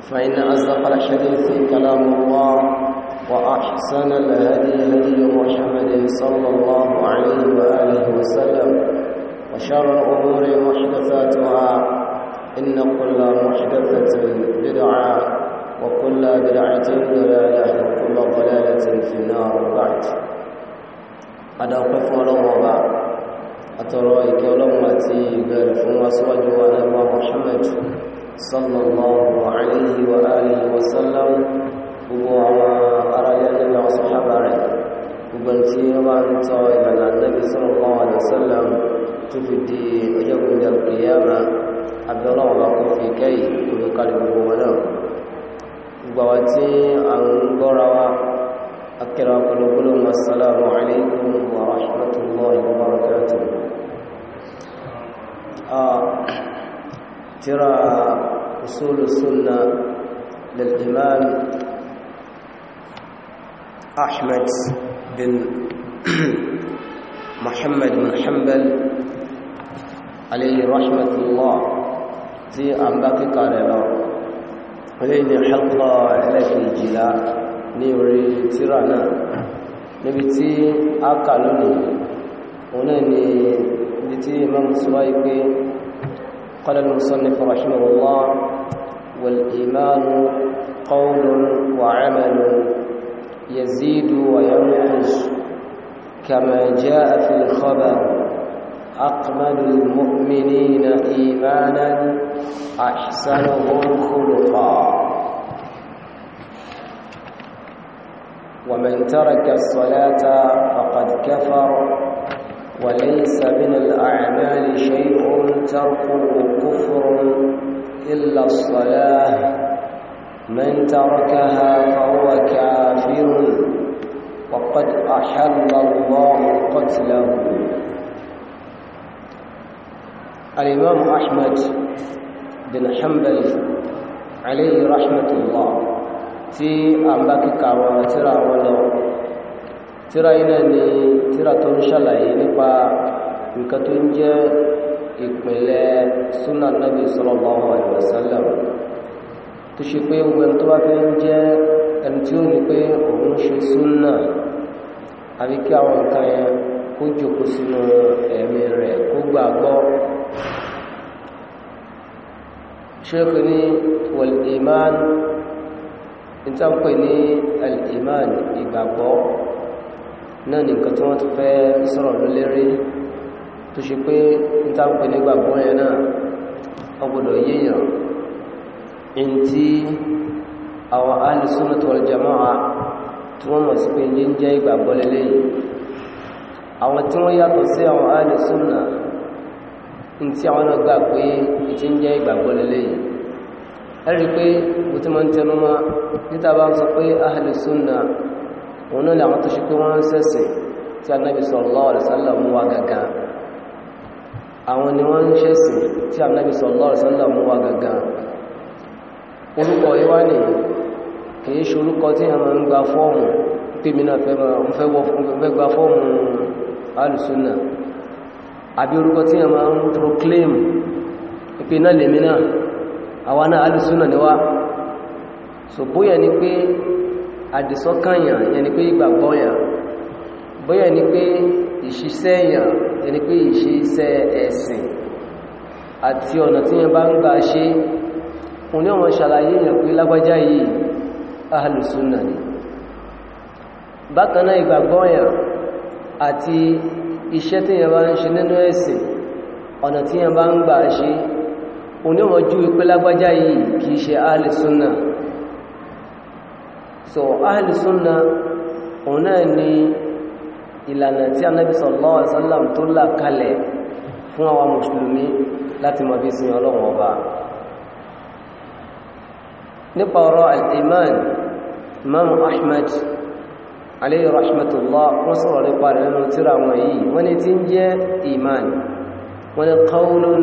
فإن أصدق الحديث كلام الله وأحسن الهدي هدي محمد صلى الله عليه وآله وسلم وشر الأمور محدثاتها إن كل محدثة بدعة وكل بدعة ضلالة وكل ضلالة في النار بعد أدعوكم الله وبعد أترى إكرامتي بل فما سوى محمد صلى الله عليه وآله وسلم gbogbo àwọn ará ilé nínú àwọn sọ́hábà rẹ̀ gbogbo tí ó bá ń tọ́ ìlànà Nabi sallallahu alaihi wasallam tó fi di ọjọ́ gbogbo àgbéyàmà abẹ́rẹ́ ọ̀la kò fi kẹ́yì kúrò kalẹ̀ gbogbo wọn náà gbogbo àwọn tí a ń gbọ́ra wa akẹ́rọ akọlọgbọ́lọ́ assalamu alaikum wa rahmatullahi wa barakatuh ah, ترى أصول السنة للإمام أحمد بن محمد بن حنبل عليه رحمة الله في أنباك قارئة ولين حلقة عليك الجلاء نيوري تيرانا نبتي أقل منه هنا نبتي إمام سوايقي قال المصنف رحمه الله والإيمان قول وعمل يزيد وينقص كما جاء في الخبر أقمل المؤمنين إيمانا أحسنهم خلقا ومن ترك الصلاة فقد كفر وليس من الأعمال شيء تركه كفر إلا الصلاة من تركها فهو كافر وقد أحل الله قتله الإمام أحمد بن حنبل عليه رحمة الله في أمبك ترى ولو tíra yìí náà ni tíra tó ń ṣàlàyé nípa nǹkan tó ń jẹ́ ìpìlẹ̀ súnà nàbì sallallahu alaihi wasallam tó ṣe pé ogun tó bá fẹ́ ń jẹ́ ẹni tí ó rí pé òun ṣe súnà àbí kí àwọn nǹkan yẹn kó jòkó sínú ẹ̀mí rẹ̀ kó gbàgbọ́ ṣéèkì ní wal-iman ní tàbí ní al-iman ìgbàgbọ́ náà ni nǹkan tí wọ́n ti fẹ́ sọ̀rọ̀ lólérí tó ṣe pé ń tá ń pè nígbàgbọ́ yẹn náà ọgbọ̀dọ̀ yíyàn in tí àwọn alìsúnnà wal jama'a tí wọ́n mọ̀ sí pé yí ń jẹ́ ìgbàgbọ́ lélẹ́yìn àwọn tí wọ́n yàtọ̀ sí àwọn alìsúnnà in tí àwọn náà gbà pé ìtí ń jẹ́ ìgbàgbọ́ lélẹ́yìn ẹ̀rí pé mo ti máa ń tẹnumọ́ níta bá ń sọ pé alìsúnnà òun náà làwọn tó ṣe pé wọ́n ń ṣẹ̀sìn tí anábì sallallahu alaihi wasallam wa gaga àwọn ni wọ́n ń ṣẹ̀sìn tí annabi sallallahu alaihi wasallam wa gaga orúkọ ìwá ni kìí ṣe orúkọ tí a máa ń gba fọ́ọ̀mù pèmí náà fẹ́ gba fọ́ọ̀mù alùsùnà àbí orúkọ tí a máa ń proclaim ìpé náà lèmi náà náà alùsùnà so ni pé àdìsọ́kànyàn yẹni pé ìgbàgbọ́yàn bóyá ni pé ìṣiṣẹ́yàn yẹni pé ìṣiṣẹ́ ẹ̀sìn àti ọ̀nà tí yẹn bá ń gbà ṣe fún ní ọmọ ṣàlàyé yẹn pé lágbájá yìí ahàlùsúnà ni bákaná ìgbàgbọ́yàn àti iṣẹ́ tí yẹn bá ń ṣe nínú ẹ̀sìn ọ̀nà tí yẹn bá ń gbà ṣe fún ní ọmọ jú ìpé yìí kìí ṣe ahàlùsúnà so ahli sunna òun náà ni ìlànà tí anábì sallallahu alaihi wasallam tó là kalẹ̀ fún àwọn mùsùlùmí láti mọ̀ bí sin ọlọ́run ọba nípa ọ̀rọ̀ al-iman imam ahmed alayhi rahmatullah wọ́n sọ̀rọ̀ nípa rẹ̀ nínú tíra wọn yìí wọ́n ni tí ń jẹ́ iman wọ́n ni qawlun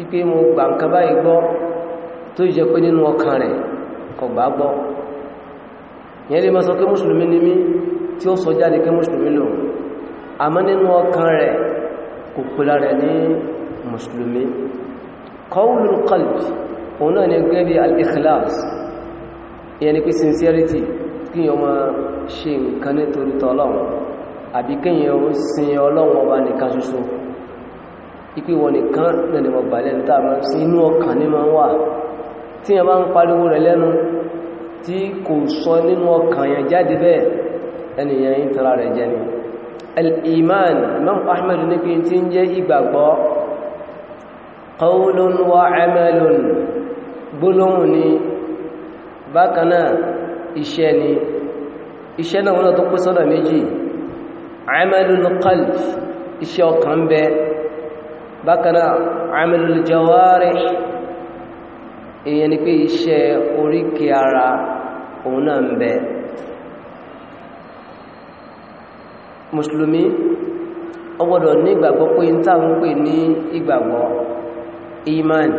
wípé mo gbà nǹkan báyìí gbọ́ tó jẹ́ pé nínú ọkàn rẹ̀ kò gbà gbọ́ ìyẹn lè máa sọ pé mùsùlùmí ni mí tí ó sọ jáde pé mùsùlùmí lòun àmọ́ nínú ọkàn rẹ̀ kò pèlà rẹ̀ ní mùsùlùmí qawlul qalbi òun náà ni gẹ́gẹ́ bí al-ikhlas ìyẹn ni pé sincerity kí yọ máa ṣe nǹkan nítorí tọ́lọ́run àbí kí yọ sin ọlọ́run ọba nìkan ṣoṣo ipe wọn nìkan náà ni mo gbà lẹ́nu tá a máa sí inú ọkàn ní máa ń wà tí yẹn bá ń pariwo rẹ̀ lẹ́nu tí kò sọ nínú ọkàn yẹn jáde bẹ́ẹ̀ ẹnìyàn iṣẹ́ náà wọ́n tó pín sọ́dọ̀ méjì amalun qalb iṣẹ́ ọkàn bẹ́ẹ̀ bakana. amalul jawarih èyàn ni pé iṣẹ́ ara òun náà ń bẹ ní ìgbàgbọ́ pé ń ń pè ní ìgbàgbọ́ iman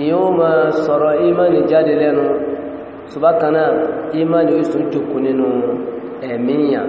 èyàn ó sọ̀rọ̀ iman jáde lẹ́nu ṣùgbákanáà iman sún jòkó nínú ẹ̀míyàn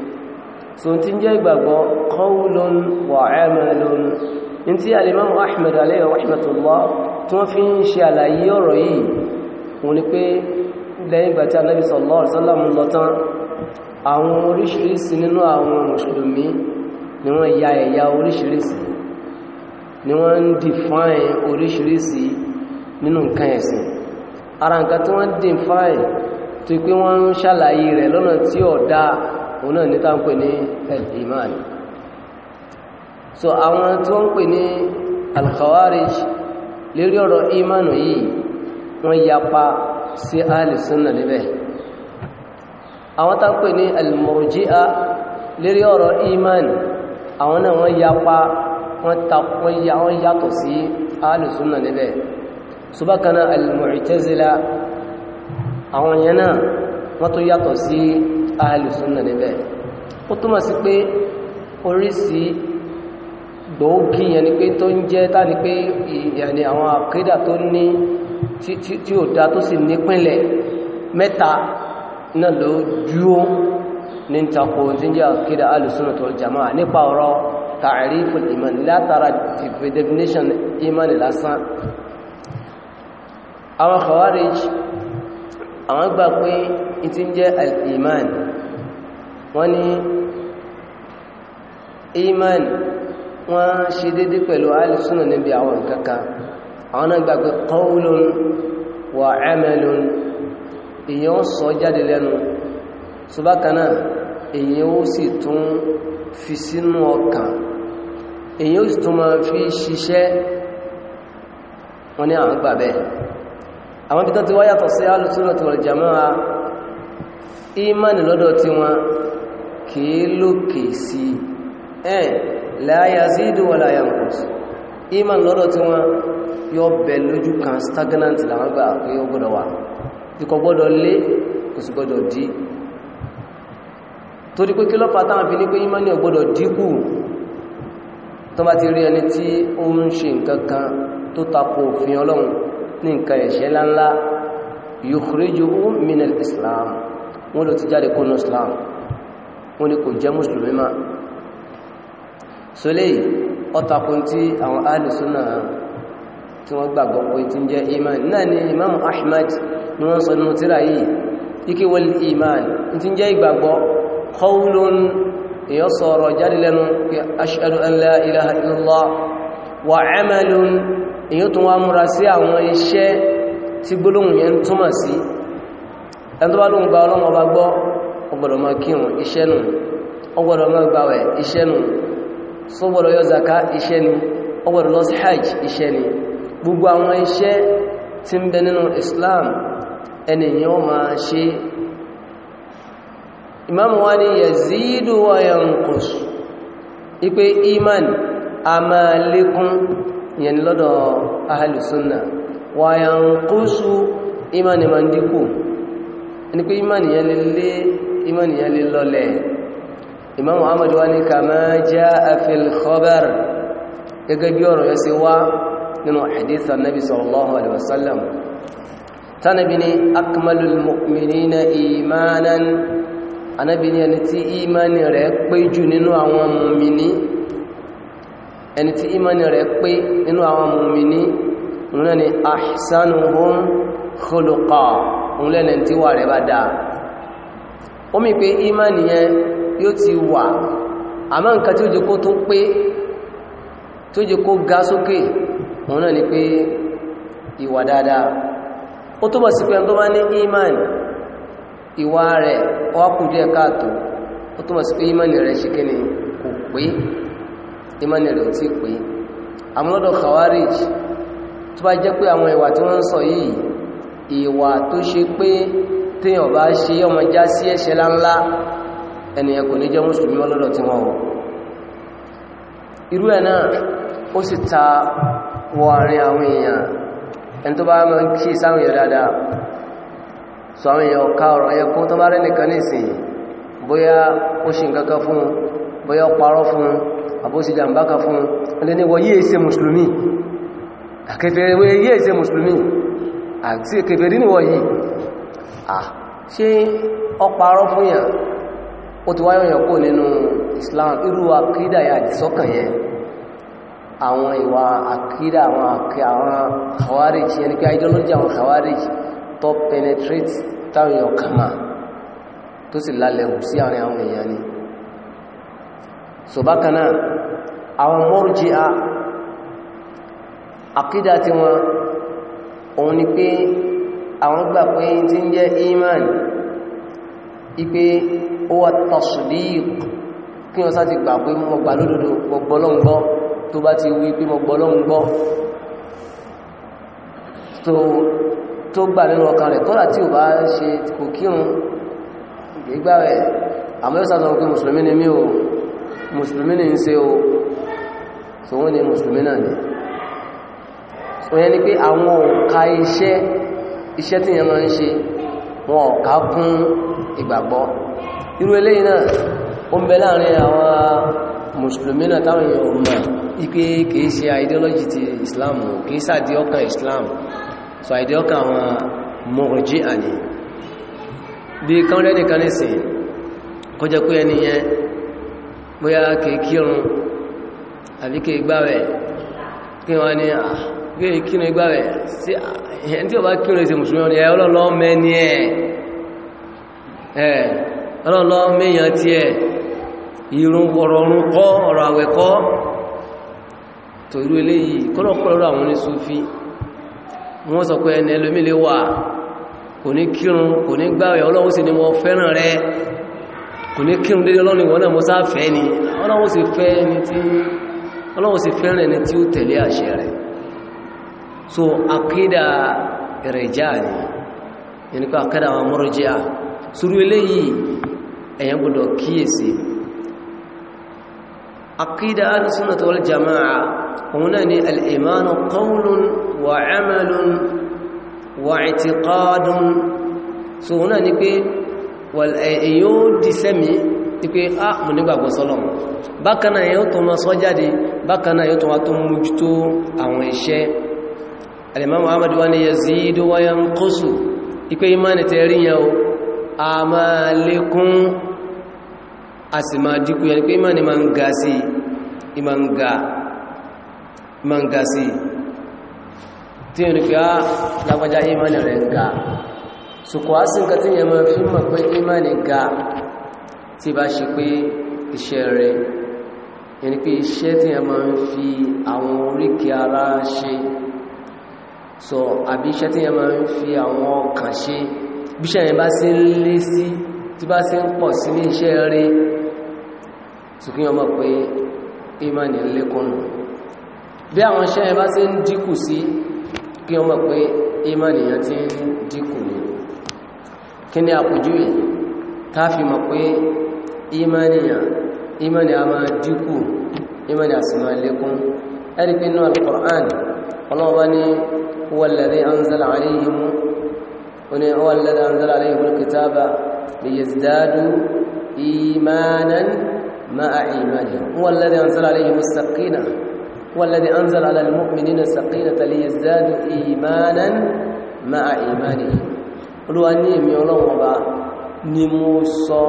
so tí ń jẹ́ ìgbàgbọ́ qawlun wa amalun ní tí alimamu ahmed alayhi rahmatullah tí wọ́n fi ń ṣe àlàyé ọ̀rọ̀ yìí wọ́n ní pé lẹ́yìn ìgbà tí anábi sallallahu alaihi wasallam lọ tán àwọn oríṣiríṣi nínú àwọn mùsùlùmí ni wọ́n ya ẹ̀yà oríṣiríṣi ni wọ́n define oríṣiríṣi nínú nǹkan ẹ̀sìn ara nǹkan tí wọ́n define tó pé wọ́n ń ṣàlàyé rẹ̀ lọ́nà tí ó òun náà ní tá ń pè ní al so àwọn tí wọ́n ń pè ní al-khawarij lérí ọ̀rọ̀ imanu yìí wọ́n yapa sí alìsúnnà níbẹ̀ àwọn tá ń pè ní al-murji'a lérí ọ̀rọ̀ iman àwọn náà wọ́n yapa wọ́n yàtọ̀ sí alìsúnnà níbẹ̀ subakana al àwọn yẹn náà wọ́n tó yàtọ̀ sí alùsùnà níbẹ̀ ó túnmọ̀ sí pé oríṣi gbòógì yẹn ni pé tó ń jẹ́ tá ni pé ìyàní àwọn àkídà tó ní tí ó dá tó sì nípínlẹ̀ mẹ́ta náà ló dúó ní tako tí ń jẹ́ àkídà alùsùnà tó jàmá nípa ọ̀rọ̀ ta'riful iman látara definition iman lásán àwọn khawarij àwọn gbà pé ìtí ń jẹ́ al-iman wọ́n ní iman wọ́n ṣe dédé pẹ̀lú alìsúnà níbi àwọn kankan àwọn náà gbà pé qawlun wa amalun èyàn sọ jáde lẹ́nu ṣubákaná èyàn ó sì tún fi sínú ọkàn èyàn ó sì tún máa fi ṣiṣẹ́ wọ́n ní àwọn gbà bẹ́ẹ̀ àwọn ibi tán ti wáyàtọ̀ sí alìsúnà wal jamaa imani lọ́dọ̀ kìí lókè sí ẹ̀ la yazidu wala yanqus iman lọ́dọ̀ tí wọ́n yọ bẹ̀ lójú kan stagnant làwọn gbà pé ó gbọ́dọ̀ wà ikọ̀ gbọ́dọ̀ lé kò sì gbọ́dọ̀ dí torí pé kí ló fà táwọn fi ní pé iman ní ó gbọ́dọ̀ dínkù tó bá ti rí ẹni tí ó ń ṣe nǹkan kan tó tako òfin ọlọ́run ní nǹkan ẹ̀ṣẹ̀ láńlá yukhrijuhu min al-islam wọ́n ló ti jáde kó ní islam wọ́n ní kò jẹ́ mùsùlùmí ma sólè ọ́takùn tí àwọn alìsúnà tí wọ́n gbàgbọ́ pé tí ń jẹ́ iman náà ni imam ahmad ni wọ́n sọ nínú tíra yìí ike wal iman tí ń jẹ́ ìgbàgbọ́ qawlun èyàn sọ̀rọ̀ jáde lẹ́nu pé ashhadu ọgbọ́dọ̀ máa kírun iṣẹ́ nù ọgbọ́dọ̀ máa gbàwẹ̀ iṣẹ́ nù yọ zaka iṣẹ́ ni lọ sí hajj iṣẹ́ ni gbogbo àwọn iṣẹ́ ń bẹ nínú Islam ẹniyàn imam wa yazidu wa a iman ma ń ìmánì yẹn lè lọlẹ̀ Imam Ahmad wá ní kama jaa fil khabar gẹ́gẹ́ bí ọ̀rọ̀ yẹn sí wá nínú hadith annabi sallallahu alaihi wasallam tánàbí ni akmalul mu'minina imanan anábí ni ẹni tí ìmánì rẹ̀ pé jù nínú àwọn mùmìní ẹni tí ìmánì rẹ̀ pé nínú àwọn mùmìní òun ni ahsanuhum khuluqa òun lẹ́nà tí wà rẹ̀ bá dáa ó mì pé ìmánì yẹn yóò ti wà àmọ́ nǹkan tí ó jẹ kó tó pé tí ó jẹ kó ga sókè òun náà ni pé ìwà dáadáa ó túbọ̀ sí pé ẹni bá ní ìmánì ìwà rẹ̀ ọkùnrin ẹ̀káàtò ó túnmọ̀ sí pé ìmánì rẹ̀ ṣe kí ni kò pé ìmánì rẹ̀ ò tí pé àmúlọ́dọ̀ khawarij tó bá jẹ́ pé àwọn ìwà tí wọ́n ń sọ yìí ìwà tó ṣe pé téèyàn bá ṣe ọmọ já sí ẹ̀ṣẹ̀ láńlá ẹnìyàn kò ní jẹ́ mùsùlùmí ọlọ́dọ̀ tí wọ́n wọ́ irú ẹ̀ náà ó sì ta wọ àárín àwọn èèyàn ẹni tó bá mọ́ kí sáwọn èèyàn dáadáa so àwọn èèyàn ọ̀ká ọ̀rọ̀ yẹ kó tó bá rẹ̀ nìkan nìsìn bóyá ó ṣe nǹkan fún bóyá parọ́ fún àbóṣì jàǹbá fún ẹni ni wọ́n yíè ṣe mùsùlùmí àkẹfẹ́ yíè ṣe mùsùlùmí àti kèfèrí ni wọ́n yìí ah ṣe ọparọ́ fún yàn ó ti wáyọ̀ yàn nínú Islam irú akídà yà àdìsọ́kàn yẹn àwọn ìwà akídà àwọn àwọn khawarij yẹn ni pé ideology àwọn khawarij tó penetrate táwọn èèyàn kama tó sì lálẹ̀wò sí àárín àwọn èèyàn ni so bákanáà àwọn Murji'a akídà tí wọn òun ni pé àwọn gbà pé tí ń jẹ́ iman ipé ó wà tasdiq kí wọ́n sáti gbà pé mo gbà lódodo mo gbọ́ Ọlọ́hun gbọ́ tó bá ti wí pé mo gbọ́ Ọlọ́hun gbọ́ tó gbà nínú ọkàn rẹ̀ kọ́lá tí ò bá ṣe kò kírun gbígbà rẹ̀ àmọ́ yóò ni so wọ́n ni mùsùlùmí so yẹn ni pé àwọn òǹkà iṣẹ́ iṣẹ́ tí yẹn máa ń ṣe wọn ọ̀ká kún ìgbàgbọ́ irú eléyìí náà ó ń bẹ láàrin àwọn musulmi náà táwọn èèyàn ò ma ipé kìí ṣe ideology ti islam kìí sàdí ọkàn islam so àìdí ọkàn àwọn mọ̀rọ̀jí àní bí kánrẹ́ nìkan nìsìn kó jẹ́ pé ẹni yẹn bóyá kìí kírun kí wọ́n pé ìkínú igbá rẹ̀ sí ẹni tí ó bá kírun ìṣe mùsùlùmí ẹ ọlọ́lọ́ mẹ́ni ẹ̀ ọlọ́lọ́ mẹ́yàn tí ẹ̀ ìrun ọ̀rọ̀ kọ́ ọ̀rọ̀ àwẹ̀ kọ́ àwọn oníṣúfí ni ẹni tí ó tẹ̀lé àṣẹ rẹ̀ so akídà ìrẹ̀já ni yẹni pé akídà àwọn mọ́rọ̀já sórí eléyìí ẹ̀yẹn gbọdọ̀ kíyèsí akídà alùsùnnà wal jama'a òun náà ni al'imánu qawlun wa amalun wa i'tiqadun so òun eh, náà ni pé èyí ó di sẹ́mi ti pé á mú nígbàgbọ́ sọ́lọ̀mù bákanáà yóò tó mọ́ sọ́jáde bákanáà yóò tó wá tó mú jù tó alimam ahmad wani yazidu wa yanqusu ipe imani te ri yan o a ma lekun a sì ma dínkù yẹn pé imani ma ń ga sí i ma ń ga ma ń ga sí i tí a ah, lágbàjá imani rẹ̀ ń ga sùkọ́ á ka tí yẹn ma imani ga tí bá ṣe pé iṣẹ́ rẹ̀ yẹn pé iṣẹ́ tí yẹn ma ń fi àwọn oríkì ara ṣe so àbí iṣẹ́ tí yẹn máa ń fi àwọn ọkàn ṣe bí iṣẹ́ yẹn bá sí ń lé sí tí bá sí ń pọ̀ sí ní iṣẹ́ rí sùkúnyẹ ọmọ pé imani lékúnnù bí àwọn iṣẹ́ yẹn bá sí ń dínkù sí kí ọmọ pé imani yẹn ti ń dínkù ní kí ni àpòjú yìí tá fi mọ̀ pé imani yẹn imani a máa dínkù imani a sì máa lékún ẹ̀rí pé nínú Al-Qur'an ọlọ́wọ́ bá ní هو الذي أنزل عليهم هو الذي أنزل عليهم الكتاب ليزدادوا إيمانا مع إيمانهم هو الذي أنزل عليهم السقينة هو الذي أنزل على المؤمنين السقينة ليزدادوا إيمانا مع إيمانهم قلوا أني ميولون وبا نموسى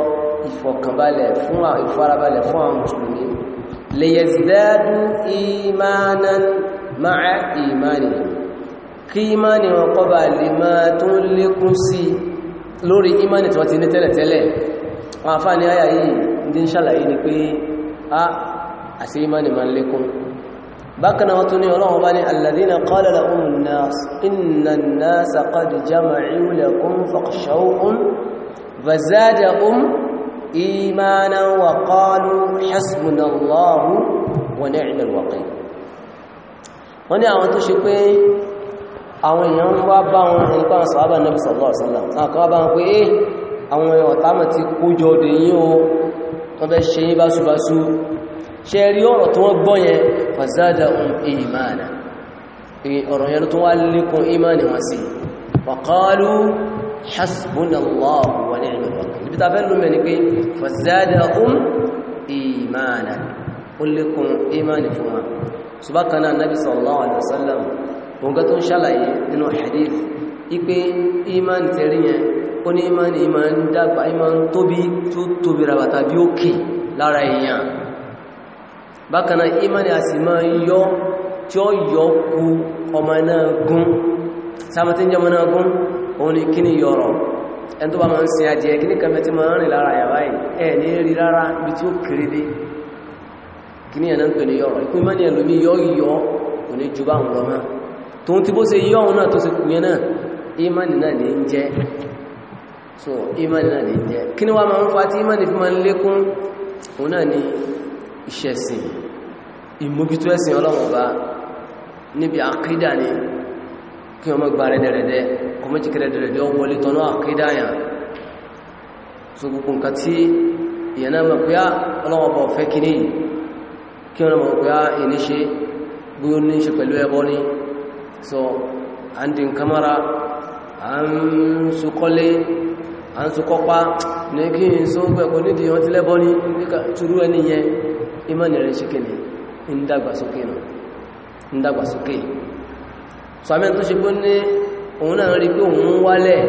ìfọ̀kànbalẹ̀ fún ìfarabalẹ̀ fún àwọn mùsùlùmí lè yẹ̀zdádù ìmánà máa ìmánìyàn kí ìmáni wọn kọba lè máa tó ń lékún sí lórí ìmáni tí wọ́n ti ní tẹ́lẹ̀tẹ́lẹ̀ wọn àfáà ní àyà yìí ní ṣàlàyé ni pé a àti ìmáni máa lékún bákanáà wọ́n tún ní ọlọ́wọ́ bá ní alladhina qala wọ́n ní àwọn tó ṣe pé àwọn èèyàn ń wá bá wọn ẹni pàwọn sàábà náà sọ̀rọ̀ ọ̀sánlá sáàkọ́ bá wọn pé eh àwọn ọ̀támà ti kójọ òdè yín o tó bẹ́ ṣe yín báṣubáṣu ṣe rí ọ̀rọ̀ tó wọ́n gbọ́ yẹn fàzádà ohun ìmáàna ọ̀rọ̀ yẹn tó wá lékún ìmáàni wọn sí wàkọ́lù hasbunallahu wa ni'mal wakeel òǹkà tó ń ṣàlàyé nínú hadith ipé iman tẹ̀rí yẹn ó ní iman iman dàgbà iman tóbi tó tóbi rabata bí ó kè lára èèyàn bákanáà iman a sì máa yọ tí ó yọ kú ọmọ náà gún sáàmàtí jẹ́ ọmọ náà gún òun ni kíni yọrọ ẹn tó bá máa ń sin ajẹ́ kíní kan mẹ́tí máa ń rìn lára àyàwá ẹ̀ ní rí rárá bí tí ó kéré dé kíní ẹ̀ ń pè ní yọrọ ikú iman ni ẹlòmí yọ yọ kò ní ju báwọn lọ náà tó ti bó ṣe yí ọ̀hún náà tó ṣe kù yẹn náà imani náà lè ń jẹ́ so imani náà lè jẹ́ kí ni wá máa ń fa tí imani fi máa ń lékún òun náà ni ìṣẹ̀sìn ìmójútó ẹ̀sìn ọlọ́run ọba níbi àkídà ni kí ọmọ gba rẹ̀dẹ̀rẹ̀dẹ̀ kọmọ́jì kẹrẹ̀dẹ̀rẹ̀dẹ̀ so gbogbo nǹkan tí ìyẹn náà mọ̀ pé ah, ọlọ́run ọba ọ̀fẹ́ kìíní kí wọ́n mọ̀ pé ìníṣe ah, bí ó so à ń di nǹkan mọ́ra à ń sukọ́lé à ń sukọ́pá ní kí n sún ti lẹ́bọ́ ní ẹni yẹ ìmọ̀nì rẹ̀ ṣe kìnnì ń dàgbàsókè nù so tó ṣe ní òun náà rí pé òun wálẹ̀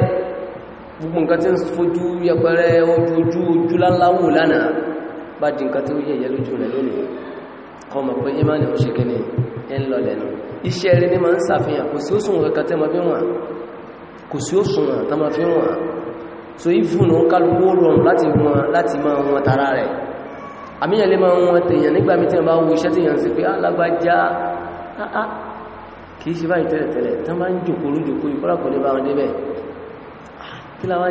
gbogbo nǹkan tí ń fojú yẹpẹrẹ ojú ojú láláwò lánàá bá di nǹkan tí ó iṣẹ́ rẹ̀ ní ma ń sàfihàn kò sí ó sùn kankan tẹ́ ma fi wọ́n kò sí ó sùn tẹ́ ma fi wọ́n so ìfúnà kálùkù rọrùn láti wọn láti ma wọn tara rẹ̀ àmìyàn lè ma wọn tèèyàn nígbà mi tí wọ́n bá wo iṣẹ́ tèèyàn sí pé alágbájá ah, ah, ah. kìí ṣe báyìí tẹ́lẹ̀tẹ́lẹ̀ tán bá ń jòkó lójòkó ìkọ́lápọ̀ lè bá wọn débẹ̀ kí la wá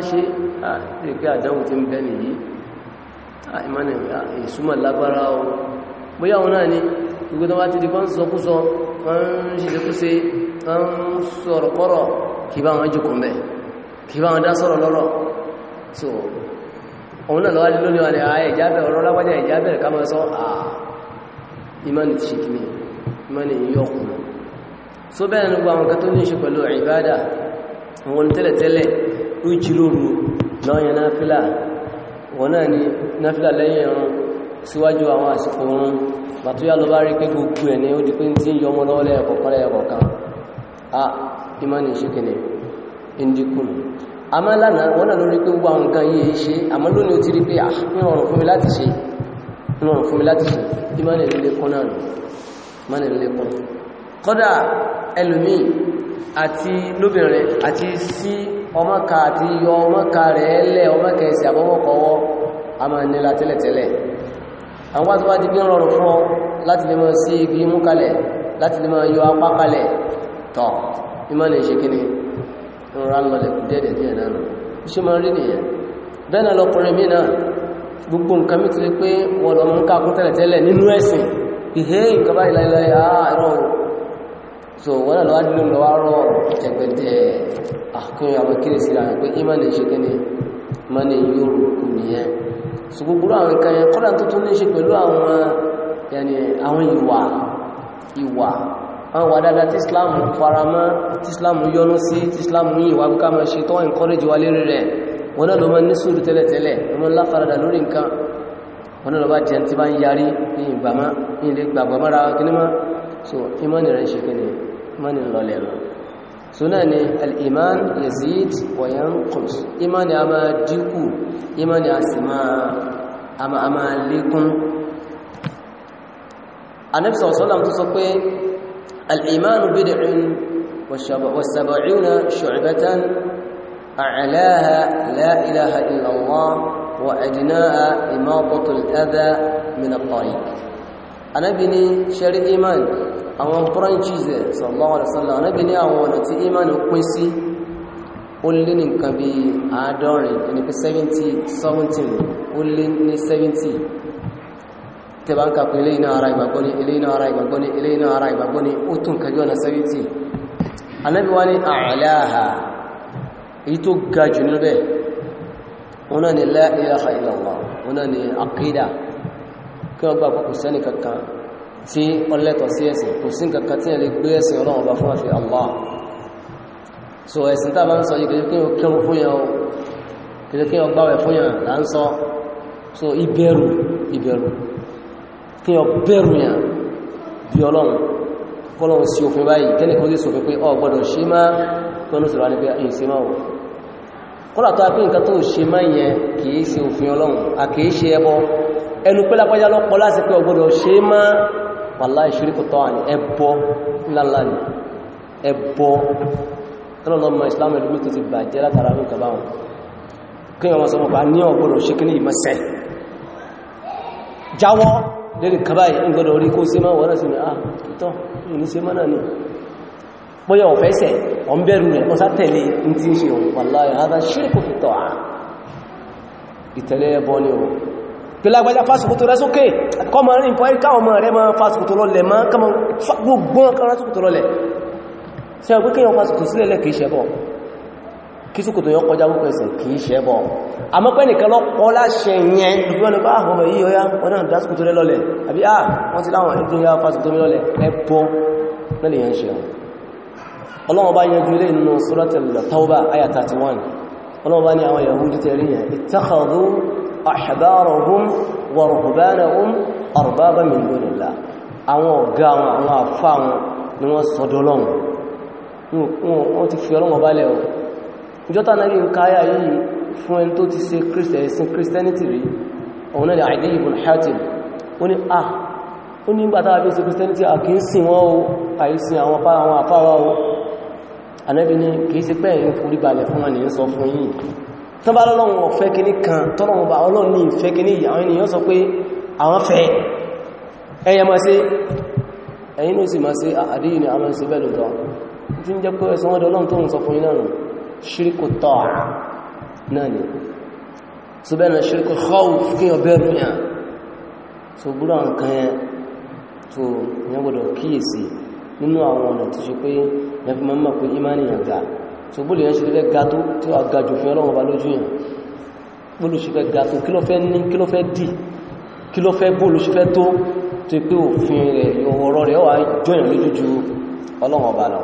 ìgbé tó bá ti di kọ́ ń sọkúsọ wọ́n ń ṣìṣẹ́kúṣe wọ́n ń sọ̀rọ̀ kọ́rọ̀ kí bá wọn jùkú mẹ́ kí bá wọn dá sọ̀rọ̀ lọ́rọ̀ so òun náà lọ́wọ́ lórí wọn ni ààyè ah, ìjábẹ̀ ọ̀rọ̀ lápájá ìjábẹ̀ ká mọ́ sọ àà ah, ìmánì ti ṣe kí ni ìmánì so bẹ́ẹ̀ ni gbogbo àwọn kan tó ní ṣe pẹ̀lú ìbádà wọn tẹ́lẹ̀tẹ́lẹ̀ ó jíròrò lọ́yìn síwájú àwọn àsìkò oorun màtúyà lọ bá rí pé gbogbo ẹ̀ ní ó di pé tí ń yọmọ lọ́wọ́ lẹ́ẹ̀kọ̀kan lẹ́ẹ̀kọ̀kan a imani ṣíkìní indikun a máa lánàá wọ́n náà lórí pé gbogbo àwọn nǹkan yìí ṣe àmọ́ lónìí ó ti rí pé ìrọ̀rùn fún mi láti ṣe ìrọ̀rùn fún mi láti ṣe imani lékún náà nù imani lékún kódà ẹlòmíì àti lóbìnrin àti sí ọmọka àti yọ a máa nílá tẹ́lẹ̀tẹ́lẹ̀ àwọn tó di ti gbé rọrùn fún ọ láti lè mọ́ sí lati mú kalẹ̀ láti lè mọ́ yọ apá kalẹ̀ tọ̀ ìmọ̀ lè ṣe kíni ìrora ń lọlẹ̀ kù dẹ́ẹ̀dẹ̀ díẹ̀ náà ó ṣe máa rí nìyẹn bẹ́ẹ̀ náà lọkùnrin náà gbogbo nǹkan mi ti rí pé wọ́n lọ mú káàkún tẹ́lẹ̀tẹ́lẹ̀ nínú ẹ̀sìn so so gbogbo àwọn nǹkan yẹn kọ́dà tó tún ní ṣe pẹ̀lú àwọn yàní àwọn ìwà ìwà àwọn ìwà dáadáa tí Islam faramọ́ tí Islam yọ́nú sí tí Islam yìí wà ká máa ṣe tó encourage wa lérí rẹ̀ wọn náà ló máa ní sùúrù tẹ́lẹ̀tẹ́lẹ̀ wọn so imani rẹ̀ ń ṣe kíni imani lọlẹ̀ lọ سنن الايمان يزيد وينقص ايمان اما ديكو ايمان اسماء اما اما ليكم النبي صلى الله تصوب الايمان بدع والسبع والسبعون شعبه اعلاها لا اله الا الله وادناها اماطه الاذى من الطريق anábi ní ṣẹ́rí iman àwọn branches ẹ̀ sallallahu alaihi wasallam anábi ní àwọn ọ̀nà tí iman pín sí ó lé ní nǹkan bí àádọ́rin ẹni pé 70 17 ó lé ní 70 tẹba ń kàpọ̀ ilé iná ara ìgbàgbọ́ ní ilé iná ara ìgbàgbọ́ ní ilé iná ara ìgbàgbọ́ ní ó tún kẹjọ ọ̀nà 70 anábi wá ní àláhà èyí tó ga jù níbẹ̀ wọn náà ni la ilaha illallah wọn ni aqida kí wọ́n gbà pé kò sẹ́ni kankan tí ọlẹ́tọ̀ sí ẹ̀sìn kò sí kankan tí ẹ̀lẹ́ gbé ẹ̀sìn ọlọ́run ọba fún àfi Allah so ẹ̀sìn tá a bá ń sọ yìí kí wọ́n kírun fún yàn kí wọ́n gbàwẹ̀ fún yàn là ń sọ so ìbẹ̀rù ìbẹ̀rù kí wọ́n bẹ̀rù yàn bí ọlọ́run fọlọ́run sí òfin báyìí kẹ́lẹ̀ kan sí sòfin pé ọ gbọ́dọ̀ ṣe má kí wọ́n sọ̀rọ̀ nípa ìṣe máa wò kọ́lá tó a pín nǹkan tó ṣe má yẹn kì í ṣe òfin ọlọ́run a kì í ṣe ẹbọ ẹnu pé lápájá lọ pọ́ láti pé ọgbọ́dọ̀ ṣe má wàlá ìṣúríkùtọ́ àní ẹbọ ńlá ní ẹbọ tọ́lọ́lọ́mọ islam ẹlùmí tó ti bàjẹ́ látara ní kàbáwọn kí wọ́n sọ pàá ní ọgbọ́dọ̀ ṣe kí ní ìmọ̀sẹ̀ jáwọ́ lérí kàbáyì ńgbọ́dọ̀ orí kó sí máa wọ́n sí ni ah tọ́ ní sí máa náà pẹ̀lágbàjá fásitì rẹ̀ sókè kọmọ rí nǹkan ẹ̀ká ọmọ rẹ̀ máa fásitì lọlẹ̀ máa kọmọ gbogbo ọkàrá sókè lọlẹ̀ ṣe ọgbé kíyàn fásitì sílẹ̀lẹ̀ kìí ṣẹbọ̀ kí sókòtò yọ kọjá púpọ̀ ẹsẹ̀ kìí ṣẹbọ̀ àmọ́pẹ́ nìkan lọ́pọ̀ láṣẹ yẹn ìgbẹ́ ọ̀nà bá àwọn ọmọ yíyọ ya wọ́n náà dá sókòtò rẹ̀ lọlẹ̀ àbí à ah, wọ́n ti láwọn ẹ̀dùn ya fásitì mi lọlẹ̀ ẹ̀pọ̀ lẹ́lẹ̀ yẹn ṣe ọlọ́wọ́n bá yẹn ju ilé inú suratul Tawbah ayat 31 ọlọ́wọ́n bá ní àwọn Yahudi tẹ̀rí yẹn ittakhadhu أحبارهم wa ruhbanahum من دون الله àwọn ọ̀gá wọn àwọn àfá wọn ni wọ́n sọ́dọ̀ lọ́wọ́ wọ́n ti fi ọlọ́wọ́ balẹ̀ ọ̀ ìjọta náà ń káyà yìí fún ẹni tó ti ṣe ẹ̀sìn christianity rí ọ̀hún náà àìdí ibn Hatim ó ní à ah! ó ní ìgbàtà àbí ṣe christianity à kìí sìn wọ́n o àìsìn tán bá lọ́lọ́run ọ̀fẹ́ kìíní kan tọ́lọ́run bá ọlọ́run ní ìfẹ́ kìíní àwọn ènìyàn sọ pé àwọn fẹ́ ẹyẹ máa ṣe ẹ̀yìn ó sì máa ṣe àdíyìn ni a máa ṣe bẹ́ẹ̀ lọ́tọ́ tí ń jẹ́ pé ẹ̀sán wọ́n dọ́lọ́run tó ń sọ fún ináàrùn ṣíríkù tọ́ náà ni so bẹ́ẹ̀ náà ṣíríkù khawf kí ọ bẹ́ẹ̀ rúyà so gbúrò nǹkan yẹn tó ìyẹn gbọdọ̀ kíyèsí nínú àwọn ọ̀nà tó ṣe pé yẹn fi máa ń mọ̀ pé ìmánìyàn ga ṣùgbọ́n lè yẹn ṣe fẹ́ ga tó tí wà ga jù fún ọlọ́wọ́ bá lójú yẹn bóòlù ṣe fẹ́ ga tó kí ló fẹ́ ní kí ló fẹ́ dì kí ló fẹ́ bóòlù ṣe fẹ́ tó tó pé òfin rẹ̀ ọ̀rọ̀ rẹ̀ wà jọyàn lójú ju ọlọ́wọ́ bá lọ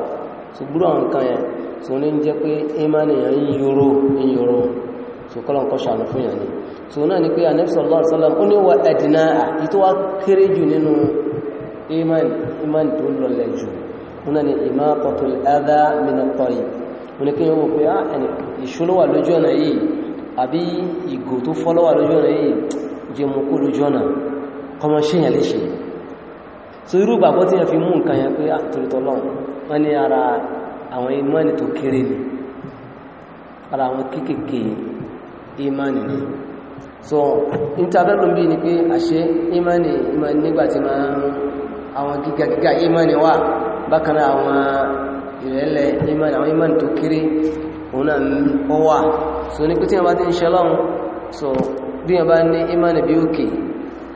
ṣùgbọ́n àwọn nǹkan yẹn tó ní jẹ́ pé ìmánìyàn ń yòrò ń yòrò tó kọ́lọ̀ kọ́ alaihi wasallam ó ní lọlẹ̀ jù ó ni ìmá pọ̀tùl adha min at-tariq ní kí wọ́n pé ah, ìṣúlọ́wà lójú ọ̀nà yìí àbí ìgò tó fọ́lọ́wà lójú ọ̀nà yìí jẹ mú kó lójú ọ̀nà kọmọ ṣíyàn lè ṣe so irú gbàgbọ́ tí yẹn fi mú nǹkan yẹn pé àtòrítọ́lọ́wọ́n ah, ara àwọn ìmánì tó ara àwọn kéékèèké ìmánì so intervallum ni pé àṣẹ ìmánì ìmánì nígbàtí máa àwọn gíga gíga ìmánì wà bákan náà àwọn ìrẹ́lẹ̀ iman àwọn iman tó na òun náà so ní pé tí wọ́n bá ti ń so bí wọ́n bá ní iman bí òkè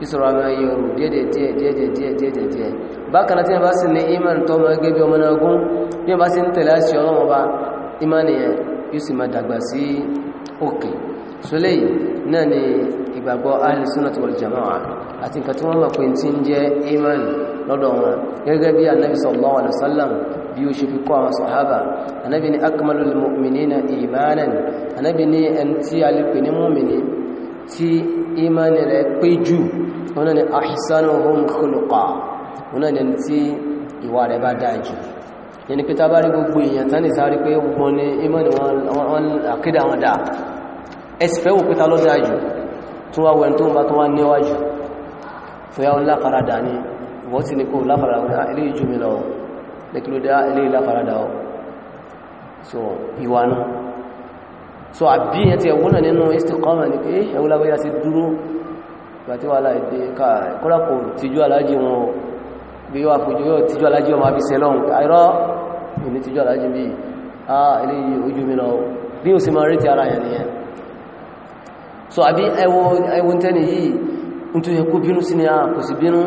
ìsọ̀rọ̀ àmì ayé díẹ̀díẹ̀díẹ̀díẹ̀díẹ̀ bákan tí wọ́n bá sì ní iman tó mọ́ gẹ́gẹ́ ọmọ bí wọ́n bá sì ń so ni jamaa lọ́dọ̀ wọn gẹ́gẹ́ bí bí ó ṣe fi kọ́ àwọn sàhábà anábi ni akmalul mu'minina imanan anábi ni ẹn tí a lè pè ní mu'mini tí imani rẹ̀ pé jù wọn ni ahsanuhum khuluqa wọn ni tí ìwà rẹ̀ bá dáa jù yẹni pé tá bá rí gbogbo èèyàn tán ní sáré pé wọn ni imani wọn àkídà wọn dáa ẹsìfẹ́ wò pé ta ló dáa jù tó wá wẹ̀ tó ń bá tó wá níwájú fẹ́yàwó láfaradà ni wọ́n ti ní kó láfaradà ilé ìjú mi lọ́wọ́ pé kí ló dá ilé ìlàfaradà ọ so ìwà náà so àbí ẹ̀ ti ẹ̀wọ́nà nínú istiqama ní pé eh, ẹ̀wọ́ lágbẹ́yà sí dúró gbàtí wà láìdé kọ́lápọ̀ tíjú alájí wọn bí wà fojú yóò tíjú alájí ọmọ abisẹ lọ́hùn àìrọ́ ah, ìní tíjú alájí bí a ah, ilé ojú mi lọ bí o sì máa rí ti ara yẹn nìyẹn so àbí ẹwọ́n tẹ́ni yìí ń tó yẹ kó bínú sí ni a ah, kò sì bínú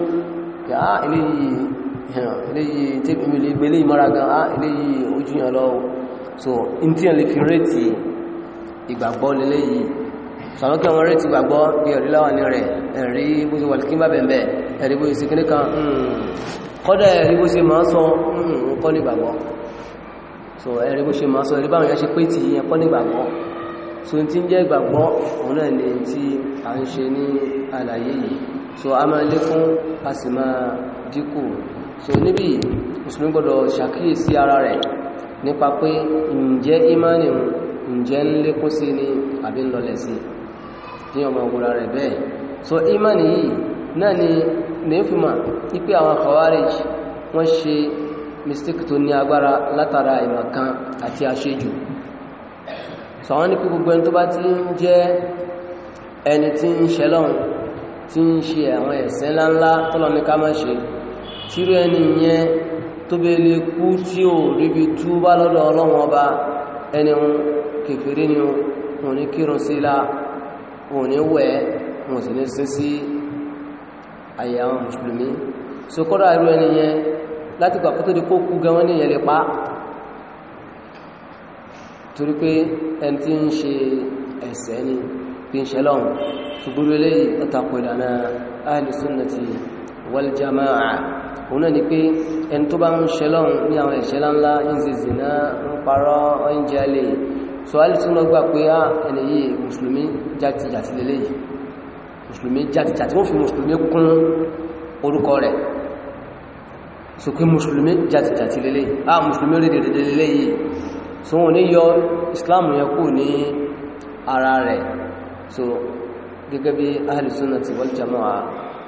yà á ilé yìí eléyìí tí èmi lè gbé léyìí mọ́ra gan á ah, eléyìí ojú yàn lọ so in tí yàn lè fi rétí ìgbàgbọ́ léléyìí sàwọn kí wọn rétí ìgbàgbọ́ bí ẹ̀rí láwà ní rẹ̀ ẹ̀rí bó ṣe wà kí bá bẹ̀m̀bẹ̀ ẹ̀rí bó ṣe kíní kan hmm, kọ́dẹ̀ ẹ̀rí bó ṣe máa sọ nǹkan hmm, nígbàgbọ́ so ẹ̀rí bó ṣe máa sọ ẹ̀rí báwọn yẹn ṣe pé ti yẹn kọ́ nígbàgbọ́ so ti ń jẹ́ ìgbàgbọ́ òun so a máa so níbi mùsùlùmí gbọdọ̀ ṣàkíyèsí ara rẹ̀ nípa pé ǹjẹ́ ìmánì ǹjẹ́ ń lékún sí ni àbí ń lọlẹ̀ sí ní ọmọ ògùnra rẹ̀ bẹ́ẹ̀ so ìmánì yìí náà ni nìfìmà wípé àwọn Khawarij wọ́n ṣe mistake tó ní agbára látara ìmọ̀kan àti àṣejù so àwọn ẹni tí ń ṣẹlọ́run tí ń ṣe àwọn ẹ̀ṣẹ̀ ńláńlá tọ́lọ ní ká má ṣe tíró ẹni yẹn tó bẹ lè kú tí ò ríbi tú bá lọ́dọ̀ ọlọ́wọ́n ọba ẹni hun kèfèrè ni wọn ní kírun sí la wọn ní wẹ̀ wọn sì ní sí sí àyè àwọn mùsùlùmí sokọ́dọ̀ irú ẹni yẹn láti gbà kótó di kó kú gan wọn ní ìyẹn lè pa torí pé ẹni tí ń ṣe ẹ̀ṣẹ̀ ni fi ń ṣe lọ́hùn ṣùgbọ́n eléyìí ó tako ìlànà ahlu sunnati wal jama'a òun náà ni pé ẹni tó bá ń ṣẹlọ́n ní àwọn ẹ̀ṣẹ̀ láńlá ìzìzì náà ń parọ́ oúnjẹ lè so alìsúnà gbà pé á ah, ẹni yìí mùsùlùmí játi jàti lélẹ̀ yìí mùsùlùmí játi jàti wọ́n fi mùsùlùmí kún orúkọ rẹ̀ so pé mùsùlùmí játi jàti lélẹ̀ yìí á ah, mùsùlùmí rédèrèdè lélẹ̀ yìí so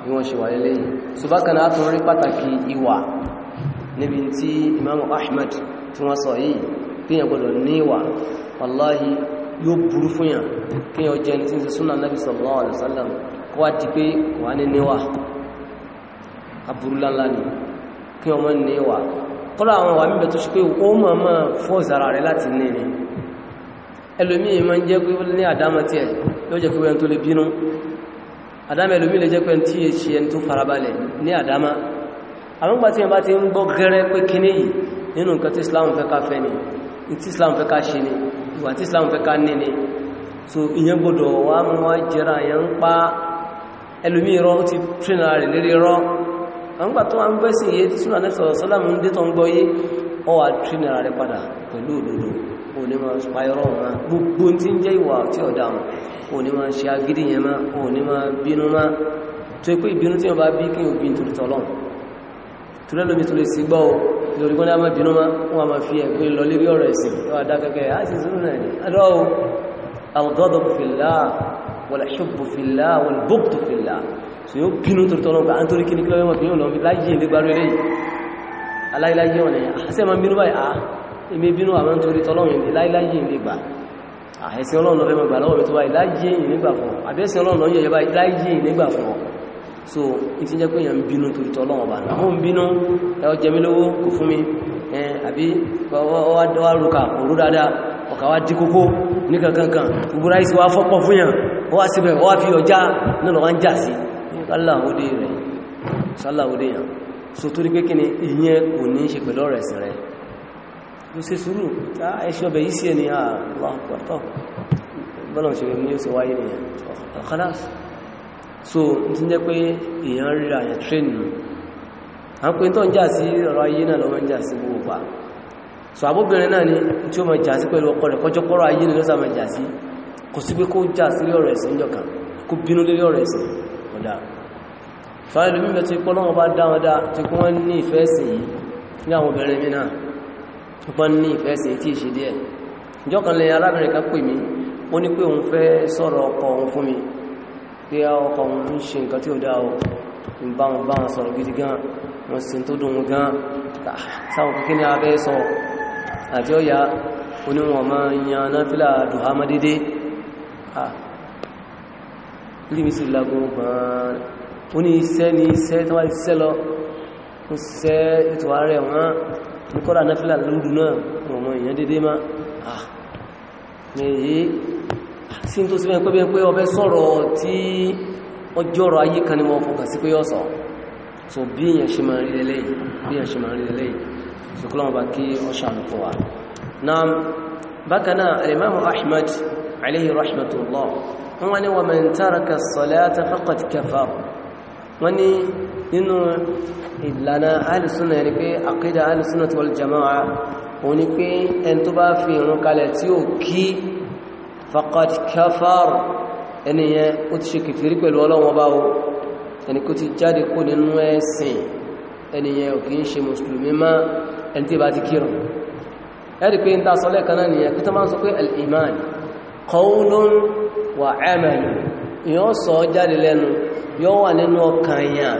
bí wọ́n ṣe wà lélẹ́ yìí ṣùgbọ́kaná tó rí pàtàkì ìwà níbi tí imam ahmed tí wọ́n sọ yìí kíyàn gbọdọ̀ ní ìwà wallahi yóò burú fún yàn kíyàn jẹ́ ní tí ń ṣe súnà nabi sallallahu alaihi wasallam kó wá ti pé wà ní níwà aburú lánlá ni kíyàn mọ́ ní àdámẹ́ lómi lè jẹ́ pé tí è ṣe ẹni tó farabalẹ̀ ní àdámá àrùngbà tí ti ń gbọ́ gẹ́rẹ́ pé kíní yìí nínú nǹkan tí Islam fẹ́ ká fẹ́ ni tí Islam fẹ́ ká ṣe ni ìwà tí Islam fẹ́ ká ní ni so ìyẹn gbọ́dọ̀ wá jẹ́ra ti òní máa pàírọ̀ wọn gbogbo tí ń jẹ́ ìwà tí ọ̀dá wọn òní máa ṣe agídí yẹn má òní máa bínú má tó pé ìbínú tí wọ́n bá bí kí òbí torí tọ́lọ̀ torí ẹlòmí tó lè sí gbọ́ o lórí gbọ́n dáa má bínú má wọ́n máa wọ́n al-ghadab fillah wal wal-bughd fillah so yóò bínú torí tọ́lọ̀ gbà á torí kí ní kí lọ́wọ́ bínú lọ láyé ìlégbárú eléyìí aláìláyé wọn ni àṣẹ máa bínú báyìí èmi bínú àwọn nítorí tọ́lọ́run ní láíláyé ìlẹ́gbà àhẹ́sìn ọlọ́run lọ́fẹ́ mọ̀gbà lọ́wọ́ mi tó báyìí láyé ìlẹ́gbà fún àbẹ́sìn ọlọ́run lọ́yẹ̀ yẹ báyìí láyé ìlẹ́gbà fún so ìtí jẹ́ pé èèyàn ń bínú torí tọ́lọ́run ọba náà ń bínú ẹ ọ jẹ mí lówó kò fún mi àbí ọwá rúkà kò rú dáadáa ọkà wá dí kókó ní kankankan gbogbo so torí pé kí ni ìyẹn kò ní í ṣe pẹ̀lú ọ̀rọ̀ ló ṣe sùúrù ẹṣẹ́ ọbẹ̀ yìí sí ẹni àpapọ̀ bọ́nà ṣe ní ó ṣe wáyé ní ọ̀kánás so n ti jẹ́ pé èèyàn rí àyẹ̀ trénù a ń pè tó ń jà sí ọ̀rọ̀ ayé náà lọ́wọ́ ń jà sí gbogbo pa so abóbìnrin náà ni tí ó mọ̀ jà sí pẹ̀lú ọkọ rẹ̀ kọjọ́ pọ́rọ̀ ayé ni ló sàmọ̀ jà sí kò sí pé kó jà sí ọ̀rọ̀ ẹ̀sìn jọkàn kó wọ́n ní ìfẹ́ sí tí ìṣe díẹ̀ ìjọ́kanlẹ̀ arábìnrin kan pè mí ó ní pé òun fẹ́ sọ̀rọ̀ ọkọ òun fún mi pé ọkọ òun ń ṣe nǹkan tí ó dá o ń bá wọn bá wọn sọ̀rọ̀ gidi gan wọn sì tó dùn gan sáwọn kékeré ní abẹ́ sọ àti ọ̀yà oníwọ̀n máa yan ní kọ́lá náfílà lóòrù náà ọmọ èèyàn dédé má ah ní èyí sí tó sí mẹ́ pẹ́ pé ọbẹ̀ sọ̀rọ̀ tí ọjọ́rọ̀ ayé kan ní mọ́ fọ́kà sí pé ọ̀sọ̀ so bí èèyàn ṣe máa rí lẹ́lẹ́yìn bí èèyàn ṣe máa rí lẹ́lẹ́yìn so kọ́lá wọn bá kí nínú ìlànà alìsúnà ẹni pé àkídà alìsúnà tí wọ́n jama'a o ní pé ẹni tó bá fi ìrun kalẹ̀ tí ó kí faqad kafar ẹniyẹn ó ti ṣe kìfìrí pẹ̀lú ọlọ́wọ́n bá o ẹni kó ti jáde kó nínú ẹ̀sìn ẹniyẹn ò kí ń ṣe mùsùlùmí má ẹni tí bá ti kírun sọ jáde lẹ́nu yóò wà nínú ọkàn yàn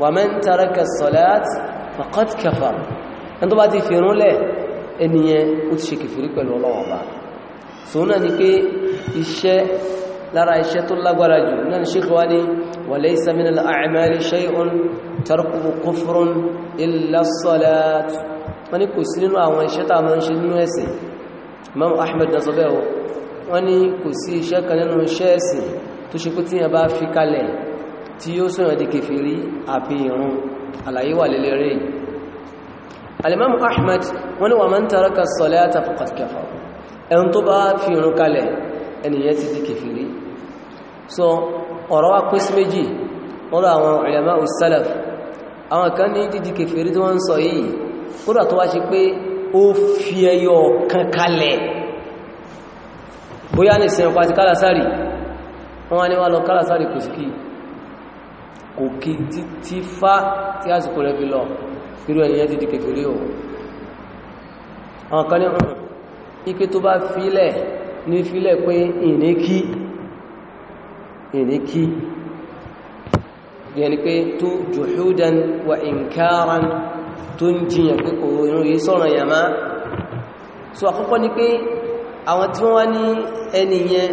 ومن ترك الصلاة فقد كفر ẹni tó bá ti fìrún lẹ̀ ẹniyẹn ó ti ṣe kìfìrí pẹ̀lú Ọlọ́run bá ṣòun náà ni pé iṣẹ́ lára iṣẹ́ tó lágbára jù náà ṣe kọwa ní وليس من الأعمال شيء تركه كفر إلا الصلاة wọ́n ni kò sí nínú àwọn iṣẹ́ tàà mọ́ ṣe nínú ẹ̀sìn Imam Ahmed nasọ́bẹ̀ wọ́n ni kò sí iṣẹ́ kan nínú iṣẹ́ ẹ̀sìn tó ṣe kó tíyàn bá fi kalẹ̀ tí ó sọ̀rọ̀ di kèfèrí àfi ìrun àlàyé wà lè lérè alimamu ahmad wọ́n ni wà man taraka as-salata faqad kafar ẹn tó bá fi ìrun kalẹ̀ ẹniyẹ ti di kèfèrí so ọ̀rọ̀ wa pín sí méjì ọ̀rọ̀ àwọn ulama as-salaf àwọn kan ní dídi kèfèrí tó wọ́n sọ yìí kódà tó wá ṣe pé ó fi ẹyọ kan kalẹ̀ ní wá lọ kálásárì kò kò kí títí fá tí àsìkò rẹ̀ fi lọ irú ẹ̀yẹn ti di kékeré o àwọn kan ní ọ̀rùn ike tó bá fílẹ̀ ní fílẹ̀ pé ìníkí ìníkí yẹni pé tó jùhúdan wa inkaran tó ń jiyàn pé kò irun yìí sọ̀rọ̀ yàmá so àkọ́kọ́ ni pé àwọn tí wọ́n wá ní ẹniyàn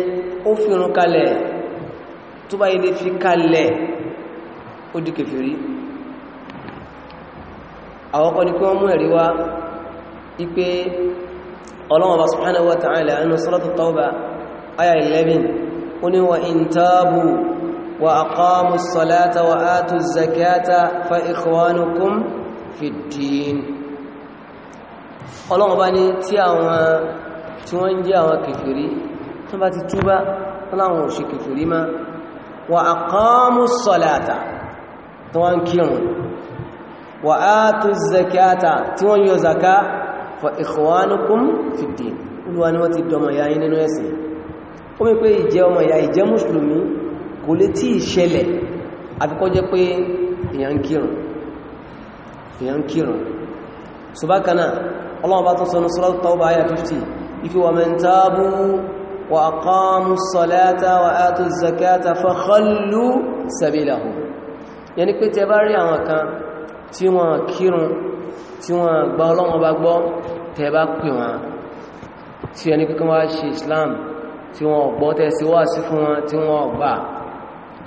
ó fi rún kalẹ̀ tó bá ilé fi kalẹ̀ ó di kèfèrí àwọn kan ní kí wọ́n mú ẹ̀rí wá wípé ọlọ́wọ́n bá subhanahu wa ta'ala inú suratu tauba aya 11 ó ní wa in tabu wa aqamu salata wa atu zakata fa ikhwanukum fi ddin wa aqamu salata tó wọ́n kírùn wa atu zakata tí wọ́n yọ zaka fa ikhwanukum fi din olúwa ni wọ́n ti dọmọ ya yín nínú ẹ̀sìn ó mi pé ìjẹ́ ọmọ ya ìjẹ́ mùsùlùmí kò lè tí ìṣẹlẹ̀ àfikọ́ jẹ́ pé èyàn kírùn wa aqamu salata wa atu zakata fa khallu sabilahum yẹni pé tẹ bá rí àwọn kan tí wọ́n kírun tí wọ́n gba ọlọ́wọ́n bá gbọ́ tẹ bá pè wọn tí ẹni kíkọ́ wá ṣe Islam tí wọ́n gbọ́ tẹ́ sí wá sí fún wọn tí wọ́n gbà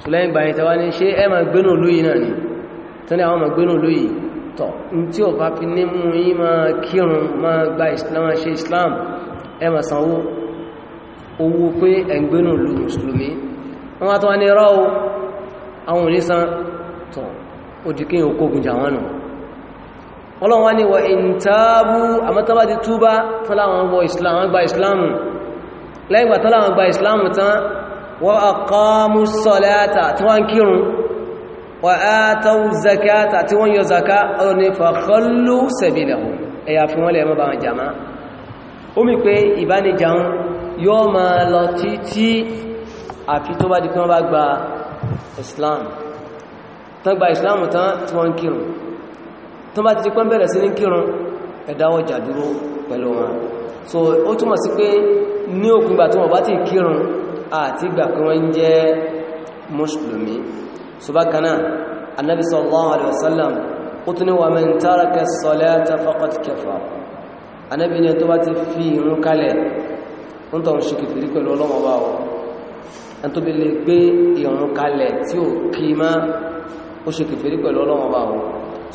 ṣùlẹ́yìn gbà ìtẹ́wà ní ṣe ẹ ma gbénú lóyìn náà ni tó ní àwọn ma gbénú lóyìn tọ̀ ní tí ò bá fi ní Islam ma Islam ẹ ma sanwó owó pé ẹ gbénú lù ó di kíyàn kógun jà wọn nù ọlọ́wọ́n ni wọ ìntàbú àmọ́tàbá ti túbá tọ́láwọn wọ islamu gba islamu lẹ́yìnbà tọ́láwọn gba islamu tán wọ́n àkọ́mú sọ́lẹ́ta tí wọ́n kírun wọ́n átàwù zakata tí wọ́n yọ zaka ọlọ́ni fàkọlù sẹ̀bìlẹ̀hùn ẹ̀yà fi wọ́n lẹ́ mọ́ bá wọn jàmá ó mi pé islam tán gba ìsìláàmù tán tí wọ́n ń kírun tán bá ti di pẹ́ bẹ̀rẹ̀ sí ní kírun ẹ̀dáwọ̀ jà dúró pẹ̀lú wọn so ó túnmọ̀ sí pé ní òkun ìgbà tí wọ́n bá ti kírun àti ìgbà pé wọ́n jẹ́ mùsùlùmí so bákanáà annabi sallallahu alaihi wasallam ó tún ní wa man taraka as-salata faqad kafar annabi ni tó bá ti fi ìrun tó bí lè gbé ìrun kalẹ̀ tí ò kí máa ó ṣe kèfèrí pẹ̀lú ọlọ́wọ́n bá wọn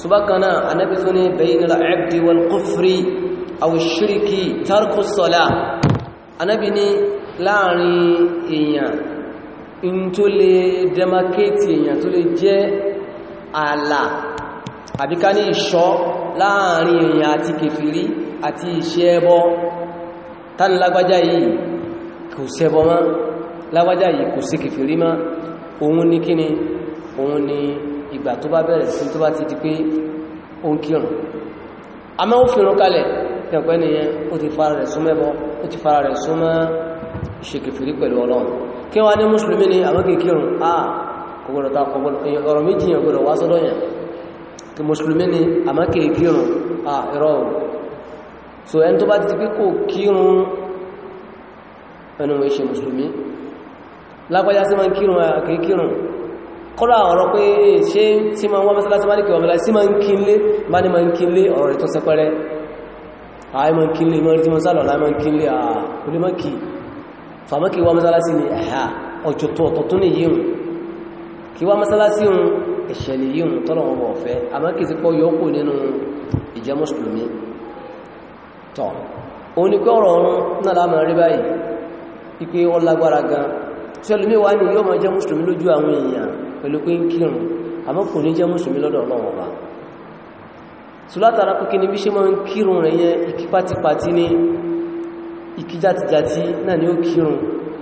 subakana anabi tún ní bayna al-abdi wal kufri aw shiriki tarku salah anabi ní láàrin èèyàn in tó lè demarcate èèyàn tó lè jẹ́ ààlà àbíká ní ìṣọ́ láàrin èèyàn àti kèfèrí àti iṣẹ́ ẹbọ tán lágbájá yìí kò ṣẹbọ mọ́ lágbájá yìí kò sí kèfèrí mọ́ òun ní kíni òun ní ìgbà tó bá bẹ̀rẹ̀ sí tó bá ti di pé ó ń kírùn a máa ń fìrún kalẹ̀ pẹ̀pẹ́ nìyẹn ó ti fara rẹ̀ súnmẹ́bọ ó ti fara rẹ̀ súnmọ́ ṣèkèfèrí pẹ̀lú ọlọ́run kí wá ní mùsùlùmí ni àwọn kì í kírùn a kò gbọdọ̀ ta kò gbọdọ̀ ọ̀rọ̀ méjì yẹn gbọdọ̀ ẹnu ìṣe mùsùlùmí lápájá sí ń kírùn a kọ́lá ọ̀rọ̀ pé eh, ṣe tí ma wọ́n mọ́sálásí bá ní kìwọ̀n mọ́lá sí ma ń kínlé bá ní ma ń kínlé ọ̀rọ̀ rẹ̀ tó sẹpẹrẹ ààyè ma ń kínlé mọ́ rí tí ma sálọ̀ láì ma ń kínlé ààrùn fàmọ́kì wọ́n mọ́sálásí ni ẹ̀hà ọjọ́ tó ọ̀tọ̀tún ní yíò kí wọ́n mọ́sálásí ń ẹ̀ṣẹ̀ ni yíò tọ́lọ̀wọ́n bọ̀ fẹ́ àmọ́kì sí pọ́ yọ́kù nínú ìjẹ́ mùsùlùmí tọ́ oníkọ́rọ̀ náà lámọ̀ rí báyìí ipé ó lágbára gan yóò mọ́ jẹ́ mùsùlùmí lójú àwọn èèyàn pẹ̀lú pé ń kírun àmọ́ kò ní jẹ́ mùsùlùmí lọ́dọ̀ ọlọ́run ọba sùlátara kókè ní bí ṣe máa ń kírun rẹ̀ yẹn ìkí pátipátí ní ìkí játijàti náà ni ó kírun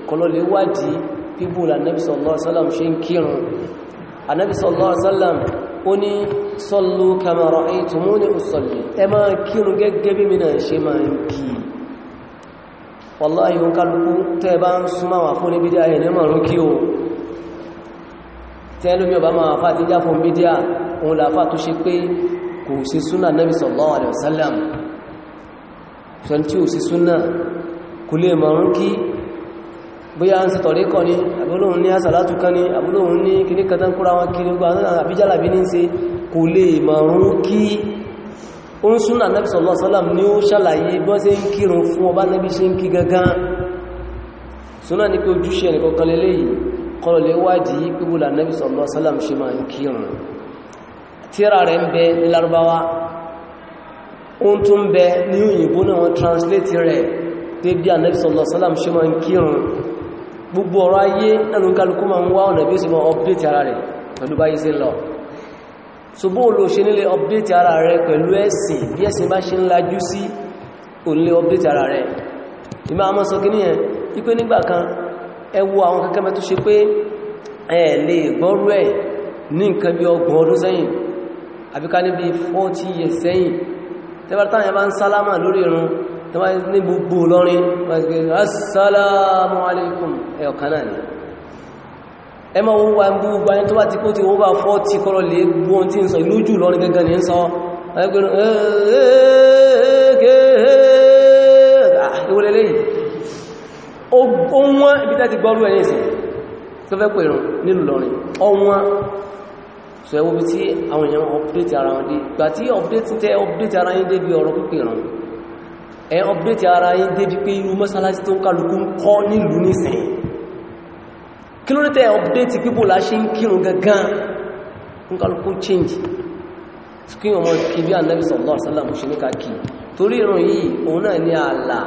kọlọ̀lẹ̀ wádìí bíbù Ànábì sallu kama ra'aytumuni usalli ẹ máa kírun gẹ́gẹ́ bí mi náà ṣe máa ń kí wallahi òun kálukú tẹ́ bá ń tẹ́lómi ọba máa fà tí jáfún mídíà òun làfà tó ṣe pé kò sí súnà Nabi sallallahu alaihi wasallam ṣan tí ò sí súnà kò lè mọ̀rún kí bóyá ń sọ̀tọ̀rí kọ́ ní àbúlóhun ní àsàlátù kan kiri gbà àbíjálàbí ní ṣe kò lè mọ̀rún kí ó súnà Nabi sallallahu alaihi wasallam ni ó ṣàlàyé bọ́ sí ń kírun fún ọba Nabi ṣe ń kí gangan súnà ní pé ojúṣe ẹnìkọ̀ọ̀kan lélẹ́yìí kọlọ̀ lè wádìí pípúlà nẹ́bí sọ̀lọ́ sálàm ṣe máa ń kírùn tíra rẹ̀ ń bẹ ní lárúbáwá oun tó ń bẹ ní òyìnbó náà wọ́n translate rẹ̀ pé bí anẹ́bí sọ̀lọ́ sálàm ṣe máa ń kírùn gbogbo ọ̀rọ̀ ayé ẹnu kálukú máa ń wá ọ̀nà bí ó sì máa update ara rẹ̀ pẹ̀lú báyé sí lọ ẹwọ àwọn kẹ́kẹ́mẹ́ tó ṣe pé ẹ lè gbọ́rú ẹ̀ ní nǹkan bí ọgbọ̀n ọdún sẹ́yìn àbíká níbi 40 years sẹ́yìn ya bá ń sálámà lórí irun tẹbà ní gbogbo lọ́rin alaikum wọ́n ti kó 40 wọ́n ibi tẹ́ ti gbọ́rú ẹ̀yìn sí tó fẹ́ pèrò nílùú lọ́rin ọwọ́n so ẹwọ́ bí tí àwọn èèyàn update ara wọn dé gbà tí update tẹ́ update ara yín débi ọ̀rọ̀ pípè ràn ẹ update ara yín débi pé irú mọ́sálásí tó ń kálukú ń kọ́ nílùú nìsìn kí ló update pípò láṣẹ ń kírun gangan ń kálukú change kí wọ́n mọ́ kí bí ànábì sallallahu alaihi wasallam ṣe ní ká kí torí ìrùn yìí òun náà ní ààlà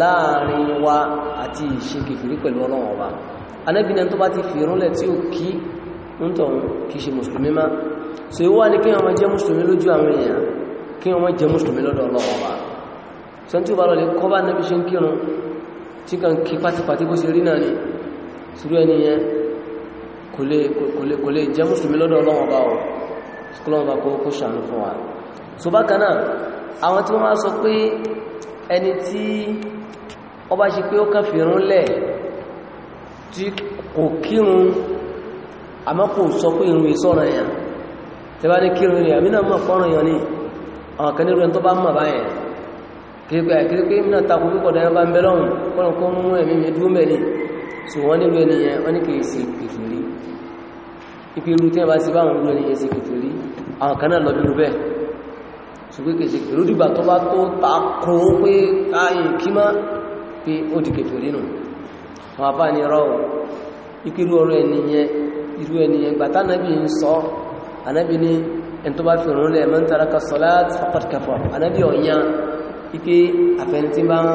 láàrin wa àti ìṣe kèfèrí pẹ̀lú ọlọ́run ọba anábìnrin tó bá ti fi ìrúnlẹ̀ tí ó kí ń tọ̀hún kìí ṣe mùsùlùmí má so ìwọ́ ni kí wọ́n jẹ́ mùsùlùmí lójú àwọn èèyàn kí wọ́n jẹ́ mùsùlùmí lọ́dọ̀ ọlọ́run ọba so tí ó bá lọlẹ̀ kọ́ bá nábi ṣe ń kírun tí kan kí pátipàtí bó ṣe rí náà ni sùúrù ẹni yẹn kò lè kò lè jẹ́ mùsùlùmí lọ́dọ̀ ọlọ́run ọba ẹni tí ọba ṣe pé ó kàn fìrún lẹ̀ tí kò kírun àmọ́ kò sọ pé ìrun ìsọ́ràn èèyàn tí bá ní kírun ní àmì náà mọ̀ fọ́ràn èèyàn ní àwọn kan nírú ẹni tó bá mọ̀ báyẹn kìrìpẹ́ àkìrìpẹ́ mìíràn takò púpọ̀ dáyọ bá ń bẹ lọ́rùn kọ́nà kó mú ẹ̀mí mi dúró mẹ́lẹ̀ tí wọ́n nílò tó bá tó takò pé káyìn kímá pé ó di kèfèrí nù àwọn àbá ni rọ ìpínlú ọ̀rọ̀ ẹniyẹn irú ẹniyẹn gbàtà anábì ń sọ anábì ní ẹni tó bá fi òun lẹ̀ man taraka salat faqad kafar anábì ọ̀yàn ike àfẹnití bá ń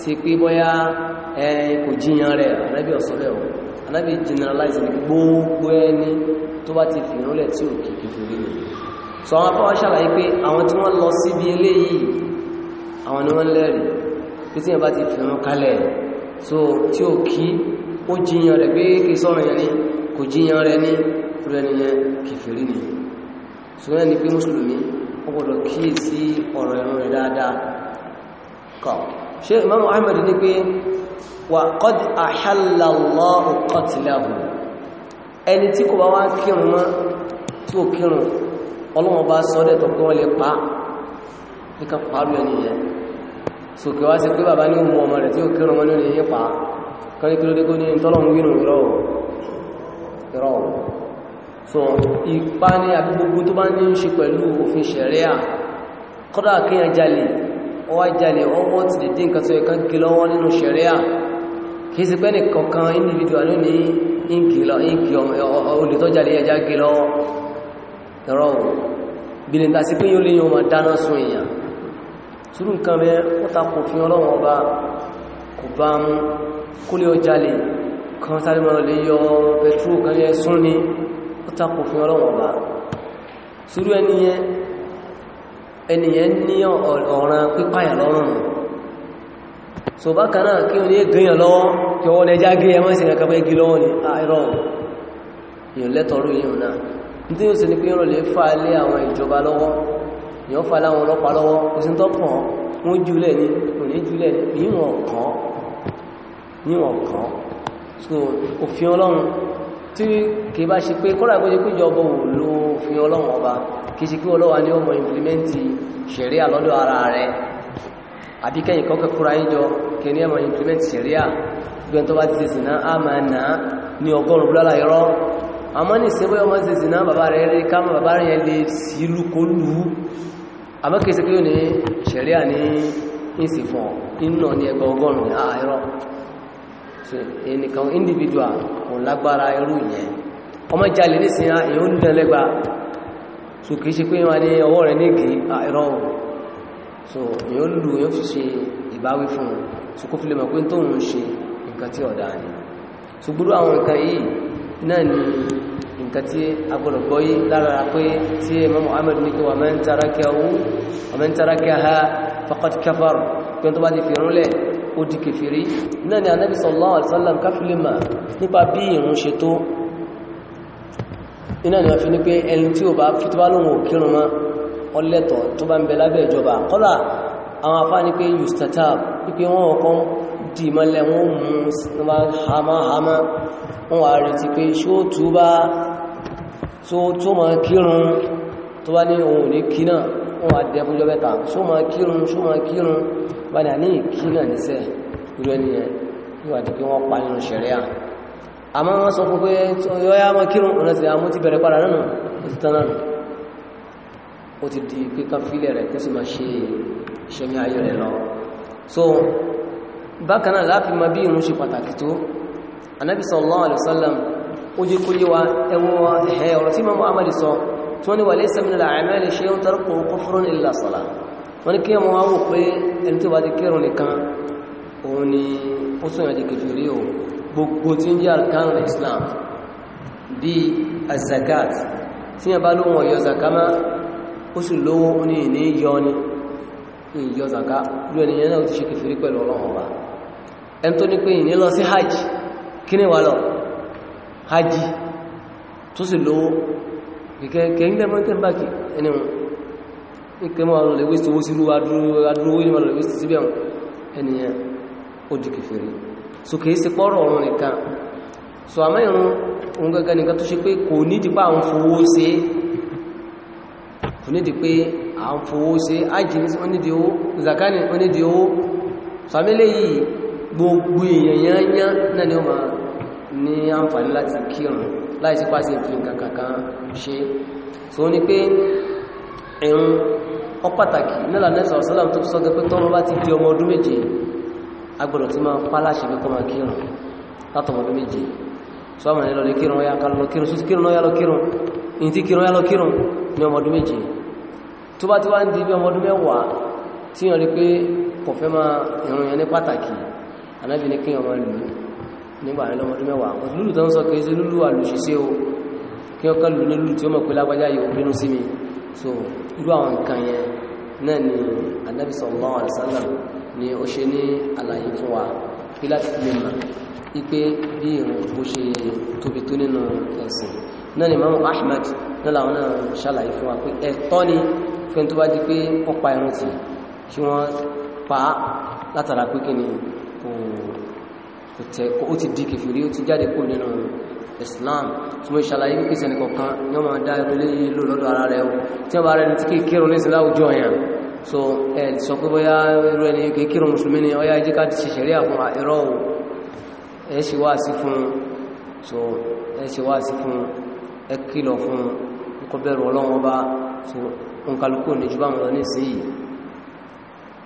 ṣe pé bọ́yá ẹ kò jíyàn rẹ̀ anábì ọ̀sọ́lẹ̀ ọ̀ anábì generalize ní gbogbo ẹni tó bá ti fi òun lẹ̀ tí ò kì kèfèrí nù sọ àwọn apá wa pé àwọn tí wọ́n lọ síbi eléyìí àwọn ni wọ́n lẹ́rìí pé tí yẹn bá ti fìrún kalẹ̀ so tí ó kí ó jiyàn rẹ̀ pé kí sọ́rọ̀ yẹn ni kò jiyàn rẹ̀ ní rẹ̀ nìyẹn kìfèrí ni ṣùgbọ́n ni pé mùsùlùmí ó gbọ́dọ̀ kíyè sí ọ̀rọ̀ ẹ̀rùn rẹ̀ dáadáa kọ̀ ṣe Imam Ahmad ní pé wà qad ahalla Allahu qatlahu ẹni tí kò bá wá kírun mọ́ tí ó kírun ọlọ́wọ́n sókè wá sí pé bàbá ní ohun ọmọ rẹ̀ tí ó kírun mọ́ lórí yípa kọ́lé kí ló dé kó ní tọ́lọ̀un wínú ìrọ̀ so ipá ní àgbogbo tó bá ní ṣe pẹ̀lú òfin ṣẹ̀ríà kọ́dà kíyàn jalè ọwá jalè ọwọ́ ti lè dín nǹkan tó ẹ̀kan gí lọ́wọ́ nínú ṣẹ̀ríà kìí sí pé ní bí ní ta sí yóò lè yóò máa dáná sun èèyàn sùúrù nǹkan rẹ̀ ó takò fi ọba kò bá mú kó lè ọjà lè kan sáré mọ́ lè yọ pẹ̀tró kan lè sún ní ó takò fi ọba sùúrù ẹniyẹn so kí o ní gẹ́yàn lọ́wọ́ kí ọwọ́ lẹ́já yìí náà ó sì ní pé fà lé àwọn ìjọba ni ó faláwọn ọlọ́pàá lọ́wọ́ kò sí tó kàn wọ́n jùlẹ̀ ní kò ní jùlẹ̀ níwọ̀n kàn níwọ̀n kàn so òfin ọlọ́run tí kì bá ṣe pé kọ́lá kó jẹ́ pé ìjọba ò lo òfin ọlọ́run ọba kì í ṣe pé ọlọ́wà ní ọmọ ìmplimẹ́ntì ṣẹ̀ríà lọ́dọ̀ ara rẹ̀ àbí kẹ́yìn kọ́kẹ́ kúra yíjọ kì ní ọmọ ìmplimẹ́ntì ṣẹ̀ríà gbẹ́n tó bá ti ṣèṣì náà á máa nà á ní ọgọ́rùn búlálà irọ́ àmọ́ ní ìṣẹ́bọ́ ọmọ ṣèṣì náà bàbá rẹ̀ rí ká mọ́ bàbá rẹ̀ yẹn lè sílùkólù àmọ́ kìí sí pé ní ṣẹ̀ríà ní ìsìnkàn iná ní ẹgbẹ̀ ọgọ́rùn ààrọ ah, ẹnìkan individual kò lágbára irú ìyẹn ọmọ jalè nísìn ah, èyàn ń dán lẹ́gba so kìí ṣe pé wọ́n ní ọwọ́ ah, so èyàn lù èyàn fi ṣe ìbáwí fún un so kó fi lè mọ̀ pé tóun ṣe àwọn nǹkan yìí nǹkan tí a gbọ́dọ̀ gbọ́ yí lára pé tí Imam Ahmad ní kí wa man tarakahu wa man tarakaha faqad kafar pé tó bá ti fi rúnlẹ̀ ó di kèfèrí náà ni Ànábì sallallahu alaihi wasallam káfílìmà nípa bí ìrún ṣe tó iná ni wọ́n fi ní pé ẹni tí ó bá fi tó bá lóhun òkírun mọ́ ọlẹ́tọ̀ tó bá wà rí ti pé ṣó túbá so tí ó máa kírun tó bá ní ohun ní kí wọ́n wà dẹ fún jọ́bẹ́ta so máa kírun so máa kírun bá ní àní kí náà níṣẹ́ irú ẹni yẹn yíwà tí pé wọ́n pa nínú ṣẹ̀rẹ́ à àmọ́ wọ́n sọ fún pé yọ́yá máa kírun ọ̀nà sí àmú ti bẹ̀rẹ̀ padà nánà ó ti di pé fílẹ̀ rẹ̀ tó sì máa ṣe ìṣẹ́mi ayé rẹ̀ lọ so bákan náà láti máa bí irun ṣe pàtàkì tó anábì sallallahu alaihi ojú kó yíwa ẹwọ́n ẹ̀ ọ̀rọ̀ tí ma muhammad sọ tí wọ́n ni wà laysa min al-a'mali shay'un tarkuhu kufrun illa salah wọ́n ni kí ẹmọ wáwò pé ẹni tí ó bá ti kírun nìkan òun ni ó sọ̀yàn di kèfèrí o gbogbo tí ń jẹ́ arkanul islam bí kí ni wà lọ hajj tó sì lówó kẹ̀kẹ́ ń dẹ̀mọ́ tẹ́ báàkì ẹni wọn ní kẹmọ́ àwọn olè wíṣẹ́ owó sílú adúrówó ní wọn lè wíṣẹ́ síbẹ̀ wọn ẹniyàn ó di kèfèrí so kìí sí pọ́rọ̀ ọ̀run nìkan so àmọ́ ìrún ohun gẹ́gẹ́ nìkan tó ṣe pé kò nídi pé àwọn fowó ṣe kò nídi pé àwọn fowó ṣe ájì ní onídi owó zakani onídi owó so àmì lẹ́yìn gbogbo èèyàn yányán náà ni ó máa ní àǹfààní láti kírun láìsí pàṣẹ fi nǹkan kankan ṣe so ní pé ẹ̀rùn ọ pàtàkì nílà nẹ́sà ọ̀sọ́lá tó sọ́gẹ́ pé tọ́mọ bá ti di ọmọ ọdún méje agbọ̀dọ̀ tí máa pa láṣẹ pé kọ́ máa kírun ọdún méje so àwọn ẹ̀lọ́ lè kírun ọyá kan lọ kírun sí kírun ọyá lọ kírun ní ti kírun ọyá lọ kírun ní ọmọ ọdún méje tó bá ti wá ń nígbà rẹ̀ lọ́mọdún mẹ́wàá wọ́n lúlù tó ń sọ kìí sí lúlù àlùṣìṣẹ́ o kí ọkọ̀ lù ní lúlù tí ó mọ̀ pé lágbájá yóò bínú sí mi so irú àwọn nǹkan yẹn náà ni Ànábì sallallahu ni ó ṣe ní àlàyé fún wa kí láti fi lè mọ̀ wípé bí ìrùn bó ṣe tóbi tó nínú ẹ̀sìn náà ni pa ẹ̀rùn tì ó ti di kèfèrí ó ti jáde kó nínú Islam fún ìṣàlàyé wípé sẹ́ni kọ̀ọ̀kan ní ọmọ dá ilé ìlú lọ́dọ̀ ara rẹ̀ tí ọba rẹ̀ ti kéèkéèrò ní ìsìnlá òjò ọ̀yàn so ẹ̀ sọ pé bóyá irú ẹni kéèkéèrò mùsùlùmí ni ọya ẹjí ká ti ṣẹ̀ṣẹ̀rí àfún ẹ̀rọ ẹ̀ṣì wá sí wá sí fún ẹkìlọ̀ so nkàlùkù ní jùbáwọn sí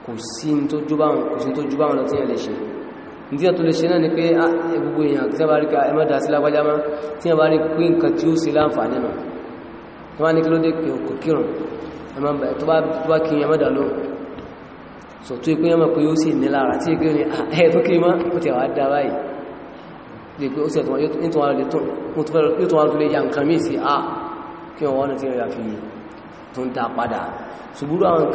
kò ní ọ̀tọ́ lè ṣe náà ni pé ah, gbogbo èèyàn tí a bá rí ká ah, ẹmọ́dá sí lágbàjá má tí a bá rí pín nǹkan tí ó sì láǹfààní nù tó bá ní kí ló dé kò kírùn tó bá kí ẹmọ́dá ló sọ tó ipé ẹmọ́ pé ó sì ní lára tí ìgbé ní ah, ẹ̀ tó kí mọ́ ó ti wá dá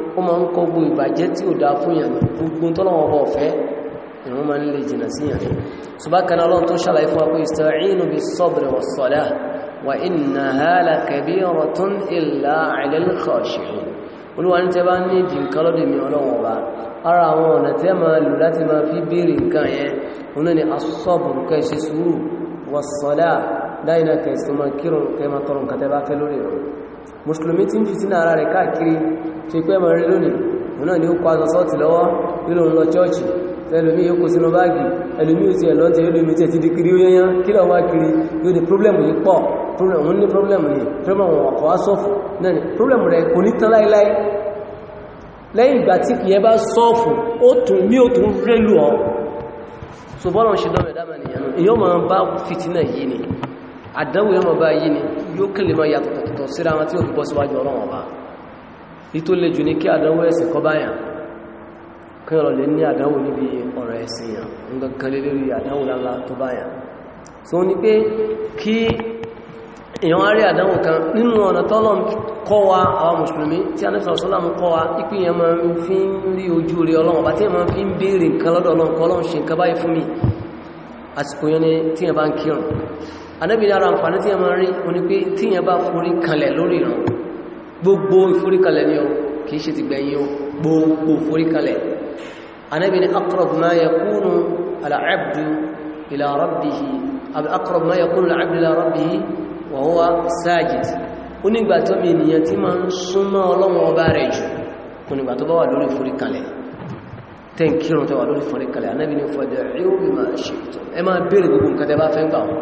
ó máa ń kọ́ gbogbo ìbàjẹ́ tí ò dáa fún yàn gbogbo tọ́lọ́wọ́ ọba ọ̀fẹ́ ìrún máa ń lè jìnà sí yàn ṣùgbọ́n ọlọ́run tó ṣàlàyé fún apé ista'inu bis-sabri was-salah wa innaha lakabiratun illa 'alal khashi'in olúwa ní tẹ́ bá ní ìdí nǹkan lọ́dọ̀ mùsùlùmí tí ń fi sínú ara rẹ̀ káàkiri tó pẹ́ mọ̀ rí lónìí òun náà ni ó kọ aṣọ sọ́ọ̀tì lọ́wọ́ nílò ń lọ chọ́ọ̀chì ẹlòmí yóò kó sínú báàgì ẹlòmí ò sí ẹ̀lọ́ tẹ́ ẹlòmí tẹ́ ti di kiri yẹnyán kí lọ wá kiri yóò ní pírọ́blẹ̀mù yìí pọ̀ òun ní pírọ́blẹ̀mù ni pírọ́blẹ̀mù ọkọ̀ wá sọ́ọ̀fù náà ni pírọ́blẹ̀mù rẹ̀ kò ní tán láíláí lẹ́yìn ìgbà tí ìyẹn bá sọ́ọ̀fù ó tún mí ó tún rẹ́lù ọ́ so bọ́lọ̀ àdánwò yọmọ bá yí ni yóò kèlè máa yàtọ̀ tọ̀tọ̀ síra wọn tí ó fi bọ́ síwájú ọlọ́wọ̀n bá ìtò lè jù ní kí àdánwò ẹ̀sìn kọ báyàn kí ọ̀rọ̀ lè ní àdánwò níbi ọ̀rọ̀ ẹ̀sìn yàn ń gangan lè lórí àdánwò lálá tó báyàn so ní pé kí èèyàn arí àdánwò kan nínú ọ̀nà tọ́lọ̀ kọ́ wa àwọn ni tí yẹn anábì lára àǹfàní tí a máa rí o ní pé tí yẹn bá forí kalẹ̀ lórí ìran gbogbo ìforí kalẹ̀ ni o kìí ṣe ti gbẹ̀yìn o gbogbo ìforí kalẹ̀ anábì ní aqrab ma yakunu al-abdu ila rabbihi aqrab ma yakunu al-abdu ila rabbihi wa huwa sajid ó nígbà tó mi ènìyàn tí máa ń súnmọ́ ọlọ́wọ́ ọba rẹ̀ jù kò nígbà tó bá wà lórí ìforí kalẹ̀ tẹ́ǹkírùn fọ́dẹ̀ rí bí máa ṣe ìtọ́ ẹ máa béèrè gbogbo nǹkan tẹ́ bá fẹ́ gbà wọn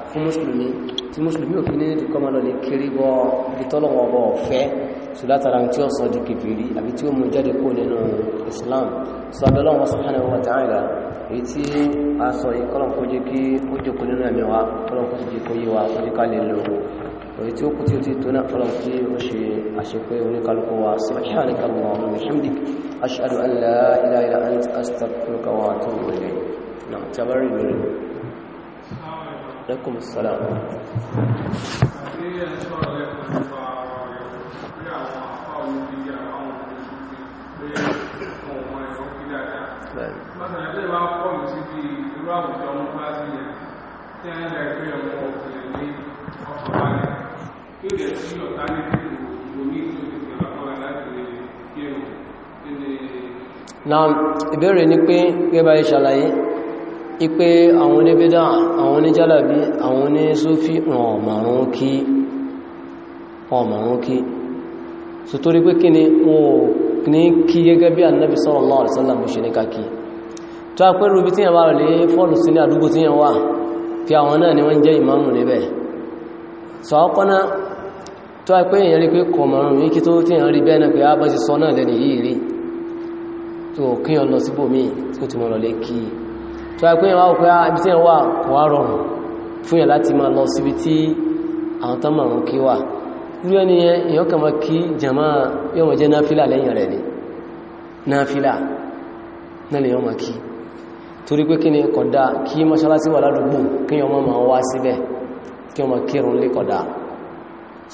fún mùsùlùmí tí mùsùlùmí ò fi ní ìdíkọ́ máa lọ lè kiri bọ́ ibi tọ́lọ̀wọ̀ bọ̀ ọ̀fẹ́ so látara tí ó sọ di kèfèrí àbí tí ó mú jáde kó nínú Islam so adọ́lọ́wọ́ èyí tí a sọ yìí jẹ́ kí ó jòkó nínú ẹ̀mí wa kọ́lọ̀n kó sì jẹ́ kó yé wa kó jẹ́ ká lè lò èyí tí ó kú tí ó ti tó náà kọ́lọ̀n kí ó ṣe àṣepé oníkálukú wa subhanaka Allahumma wa bihamdik ashhadu an la ilaha illa anta astaghfiruka wa atubu ilayk náà tí a bá rí عليكم السلام Náà ìbéèrè ni pé gẹ́gẹ́ bá ṣàlàyé ipé àwọn oníbídá àwọn oníjálàbí àwọn oníṣúfí ọ̀mọ̀rún kí ọ̀mọ̀rún kí so torí pé kí ni wọ́n ní kí gẹ́gẹ́ bí annabi sallallahu alaihi wasallam ṣe ní kàkí tó a pẹ́rù ibi tí yẹn bá rẹ̀ lè fọ́ọ̀lù sí ní àdúgbò tí yẹn wà fi àwọn náà ni wọ́n jẹ́ ìmáàmù níbẹ̀ so àkọ́kọ́ èyàn rí pé kọ̀mọ̀rún yìí kí tó tí yẹn rí bẹ́ẹ̀ pé a ah, bá ṣe sọ náà lẹ́ni rí tó kí ọ̀nà síbòmí tó ti mọ̀ lọ lé kí i tó wá pé ìwà òpé ibi tí wà kò wá rọrùn fún yẹn láti máa lọ síbi tí àwọn tán máa wa kí wà irú ẹni yẹn èyàn kàn kí jàmá yóò máa jẹ́ náfílà ni náfílà náà lè yóò kí torí pé kí ni kódà kí mọ́ṣálásí wà ládùúgbò kí yọ wá síbẹ̀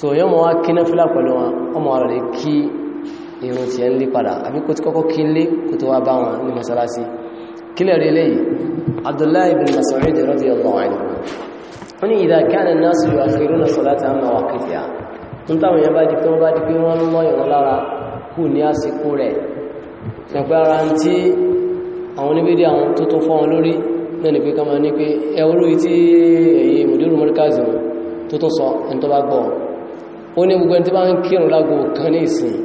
so yọ wá kí náfílà pẹ̀lú wọn ọmọ kí irun tiẹ̀ ń lé padà àbí ti kọ́kọ́ kí lé tó wá bá wọn عبد الله بن مسعود رضي الله عنه هنا إذا كان الناس يؤخرون صلاة عن مواقفها انت من يبادي كما بادي كما الله يغلر كون ياسي كوري نقبار أنتي àwọn oníbédé àwọn tó tó fọ́n lórí náà ni pé ká máa ní pé ẹwúrú tí èyí mùdírù mọ́ríkàzì tó tó sọ ẹni tó bá gbọ́ ó ní gbogbo ẹni tí bá ń kírùn lágbò kan ní ìsìn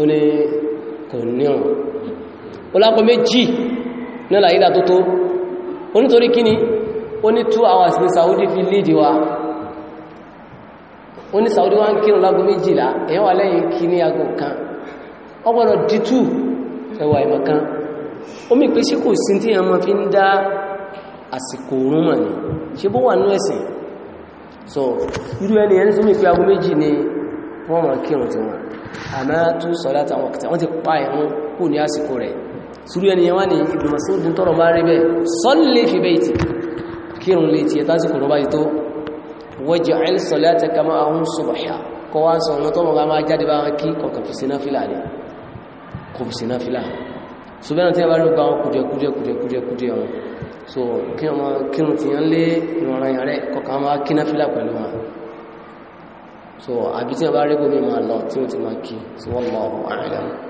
ó ní kò níhùn ó lápọ̀ méjì náà láyídà tó tó onítorí kíni ó ní 2 hours ní Saudi fi léde wa ó ní Saudi wá ń kírùn lágún méjìlá èyàn wà lẹ́yìn kí ní agùn kan ọgbọ́nà dìtù ẹwà ìmọ̀kan omi pé sí kò sí tí a mọ́ fi ń dá àsìkò òórùn mọ̀ ní ṣe bó wà ní ẹ̀sìn so irú ẹni ẹni tó mi ni wọ́n mọ̀ kírùn tí wọ́n àmá tún sọ látàwọn kìtà sùúrù ẹni yẹn wá ní Ibn Mas'ud tọ́rọ bá rí bẹ́ẹ̀ salli fi bayti kírùn lè tí ẹ̀tá sí kò rọ́bá ìtó waj'al salataka ma'ahum subha kọ́ wá sọ ọmọ tọ́mọ̀ bá máa jáde bá wọn kí kọ̀kọ̀ fi síná fìlà ní kò a bá rí gba wọn kùjẹkùjẹkùjẹkùjẹ wọn so kí ọmọ kírùn ti yán lé ìrọ̀ràn yàn rẹ̀ kọ̀kọ̀ wọn so àbí tí a bá rí gómìnà lọ tí ọ̀rọ̀ àrẹ̀lẹ́wọ̀n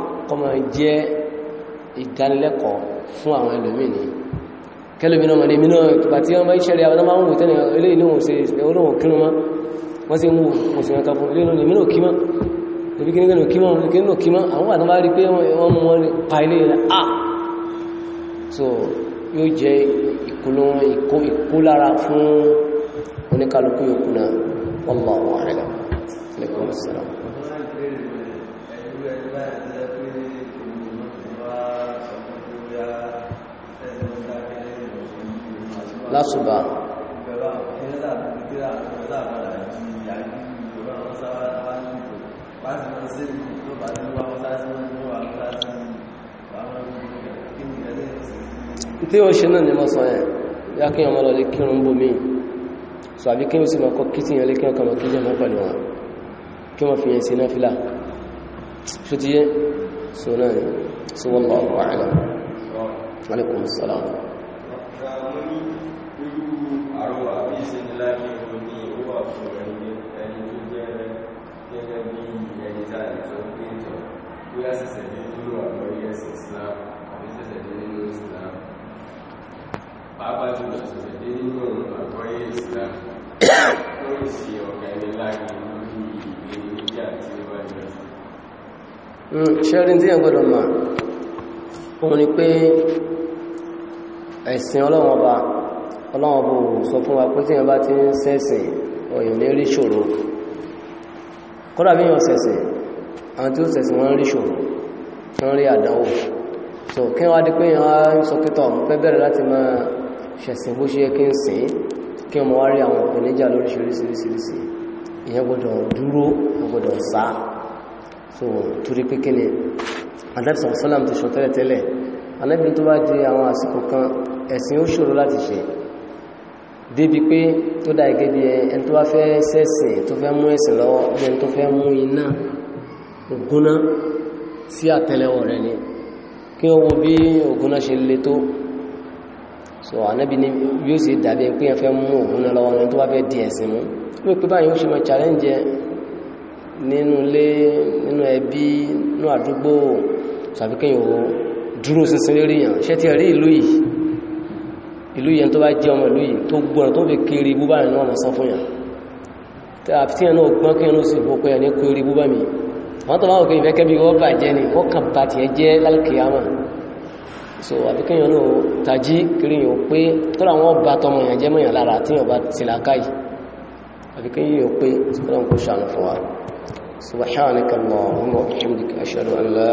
kọ́ máa jẹ́ ìdánilẹ́kọ̀ọ́ fún àwọn ẹlòmíì kẹlòmínà mọ̀ ní mínà ìgbà tí wọ́n bá ìṣẹ́rẹ̀ àwọn ọmọ òun tẹ́lẹ̀ ilé ìlú òun sí olóòwò kírun mọ́ wọ́n sí mú òsìnà kan fún ilé ìlú mínà kímá ibi kíní kíní kímá kíní kímá àwọn àtàn bá rí so yóò jẹ́ ìkólára fún oníkálukú yòókù náà wọ́n lọ́wọ́ rẹ̀ lásùbà tí ó ṣe náà ni mọ́ sọ ẹ̀ yá kí ọmọ lọ lè kírun bómi so àbí kí o sì mọ́kọ́ kí tí yẹn lè kí ọkọ̀ mọ́ kí jẹ́ mọ́ pẹ̀lú wọn kí wọ́n fi yẹn sí náà fílà ṣe ti yẹ́ so náà ni so wallahu a'lam alaikum salam ọ̀tún rẹ̀ ní ẹni tó jẹ́ gẹ́gẹ́ bí ẹni tá lè sọ pé ìtọ̀ bóyá ṣẹ̀ṣẹ̀ ní nílò àgbọ́yé ẹ̀sìn Islam àbí ṣẹ̀ṣẹ̀ ní nílò Islam pàápàá jùlọ ṣẹ̀ṣẹ̀ ní nílò àgbọ́yé Islam ó ń ṣe ọ̀gá ẹni láàyè lórí ìgbéni níjà tí ó wà ní ọ̀sán. ṣẹ́rin tí ẹ̀ gbọ́dọ̀ mọ̀ òun ni pé ẹ̀sìn ọlọ́wọ́n ọba ọlọ́wọ́n ọba ò sọ fún wa pé tí ẹ bá ti ń sẹ́sìn òyìn ní rí ṣòro kọ́dà bí yàn sẹ̀sẹ̀ àwọn tí ó sẹ̀sẹ̀ wọ́n rí ṣòro wọ́n rí àdánwò so kí wọ́n adé pé yàn á ń sọ pítọ̀ pẹ́ bẹ̀rẹ̀ láti máa ṣẹ̀sìn bó ṣe yẹ kí ń sìn kí wọ́n wá rí àwọn ìpèníjà lóríṣiríṣiríṣi ìyẹn gbọ́dọ̀ dúró gbọ́dọ̀ sá so torí pé kí ni adẹ́bìsàn sọ́làm débi pé ó dá gẹ́gẹ́ bí ẹni tó wá fẹ́ sẹ́sìn tó fẹ́ mú ẹ̀sìn lọ́wọ́ bí ẹni tó fẹ́ mú iná ògúnná sí àtẹ́lẹwọ́ rẹ̀ ni kí ó wo bí ògúnná ṣe le tó so ànábi ni yóò sì dàbí pé ẹ fẹ́ mú ògúnná lọ́wọ́ ni tó wá fẹ́ di ẹ̀sìn mú ó pé báyìí ó ṣe máa challenge nínú ilé nínú ẹbí nínú àdúgbò tàbí kéèyàn dúró sísin lérí yàn ṣé ti rí ìlú yìí ìlú yẹn tó bá jẹ́ ọmọ ìlú yìí tó gbọ́n tó fi kiri búbá rẹ̀ náà sán fún yàn tí ẹ̀nà ọgbọ́n kí ẹ̀nà sì bó pé ẹ̀nà kiri búbá mi wọ́n tó láwọn òkèyàn fẹ́kẹ́ bí wọ́n bà jẹ́ ni wọ́n kàn bá tiẹ̀ jẹ́ lálùkìyàmà so àti kí ẹ̀nà tají kiri yàn pé tó làwọn bá tọmọ yàn jẹ́ mọ̀yàn lára tí yàn bá ti làkàyè àti kí yàn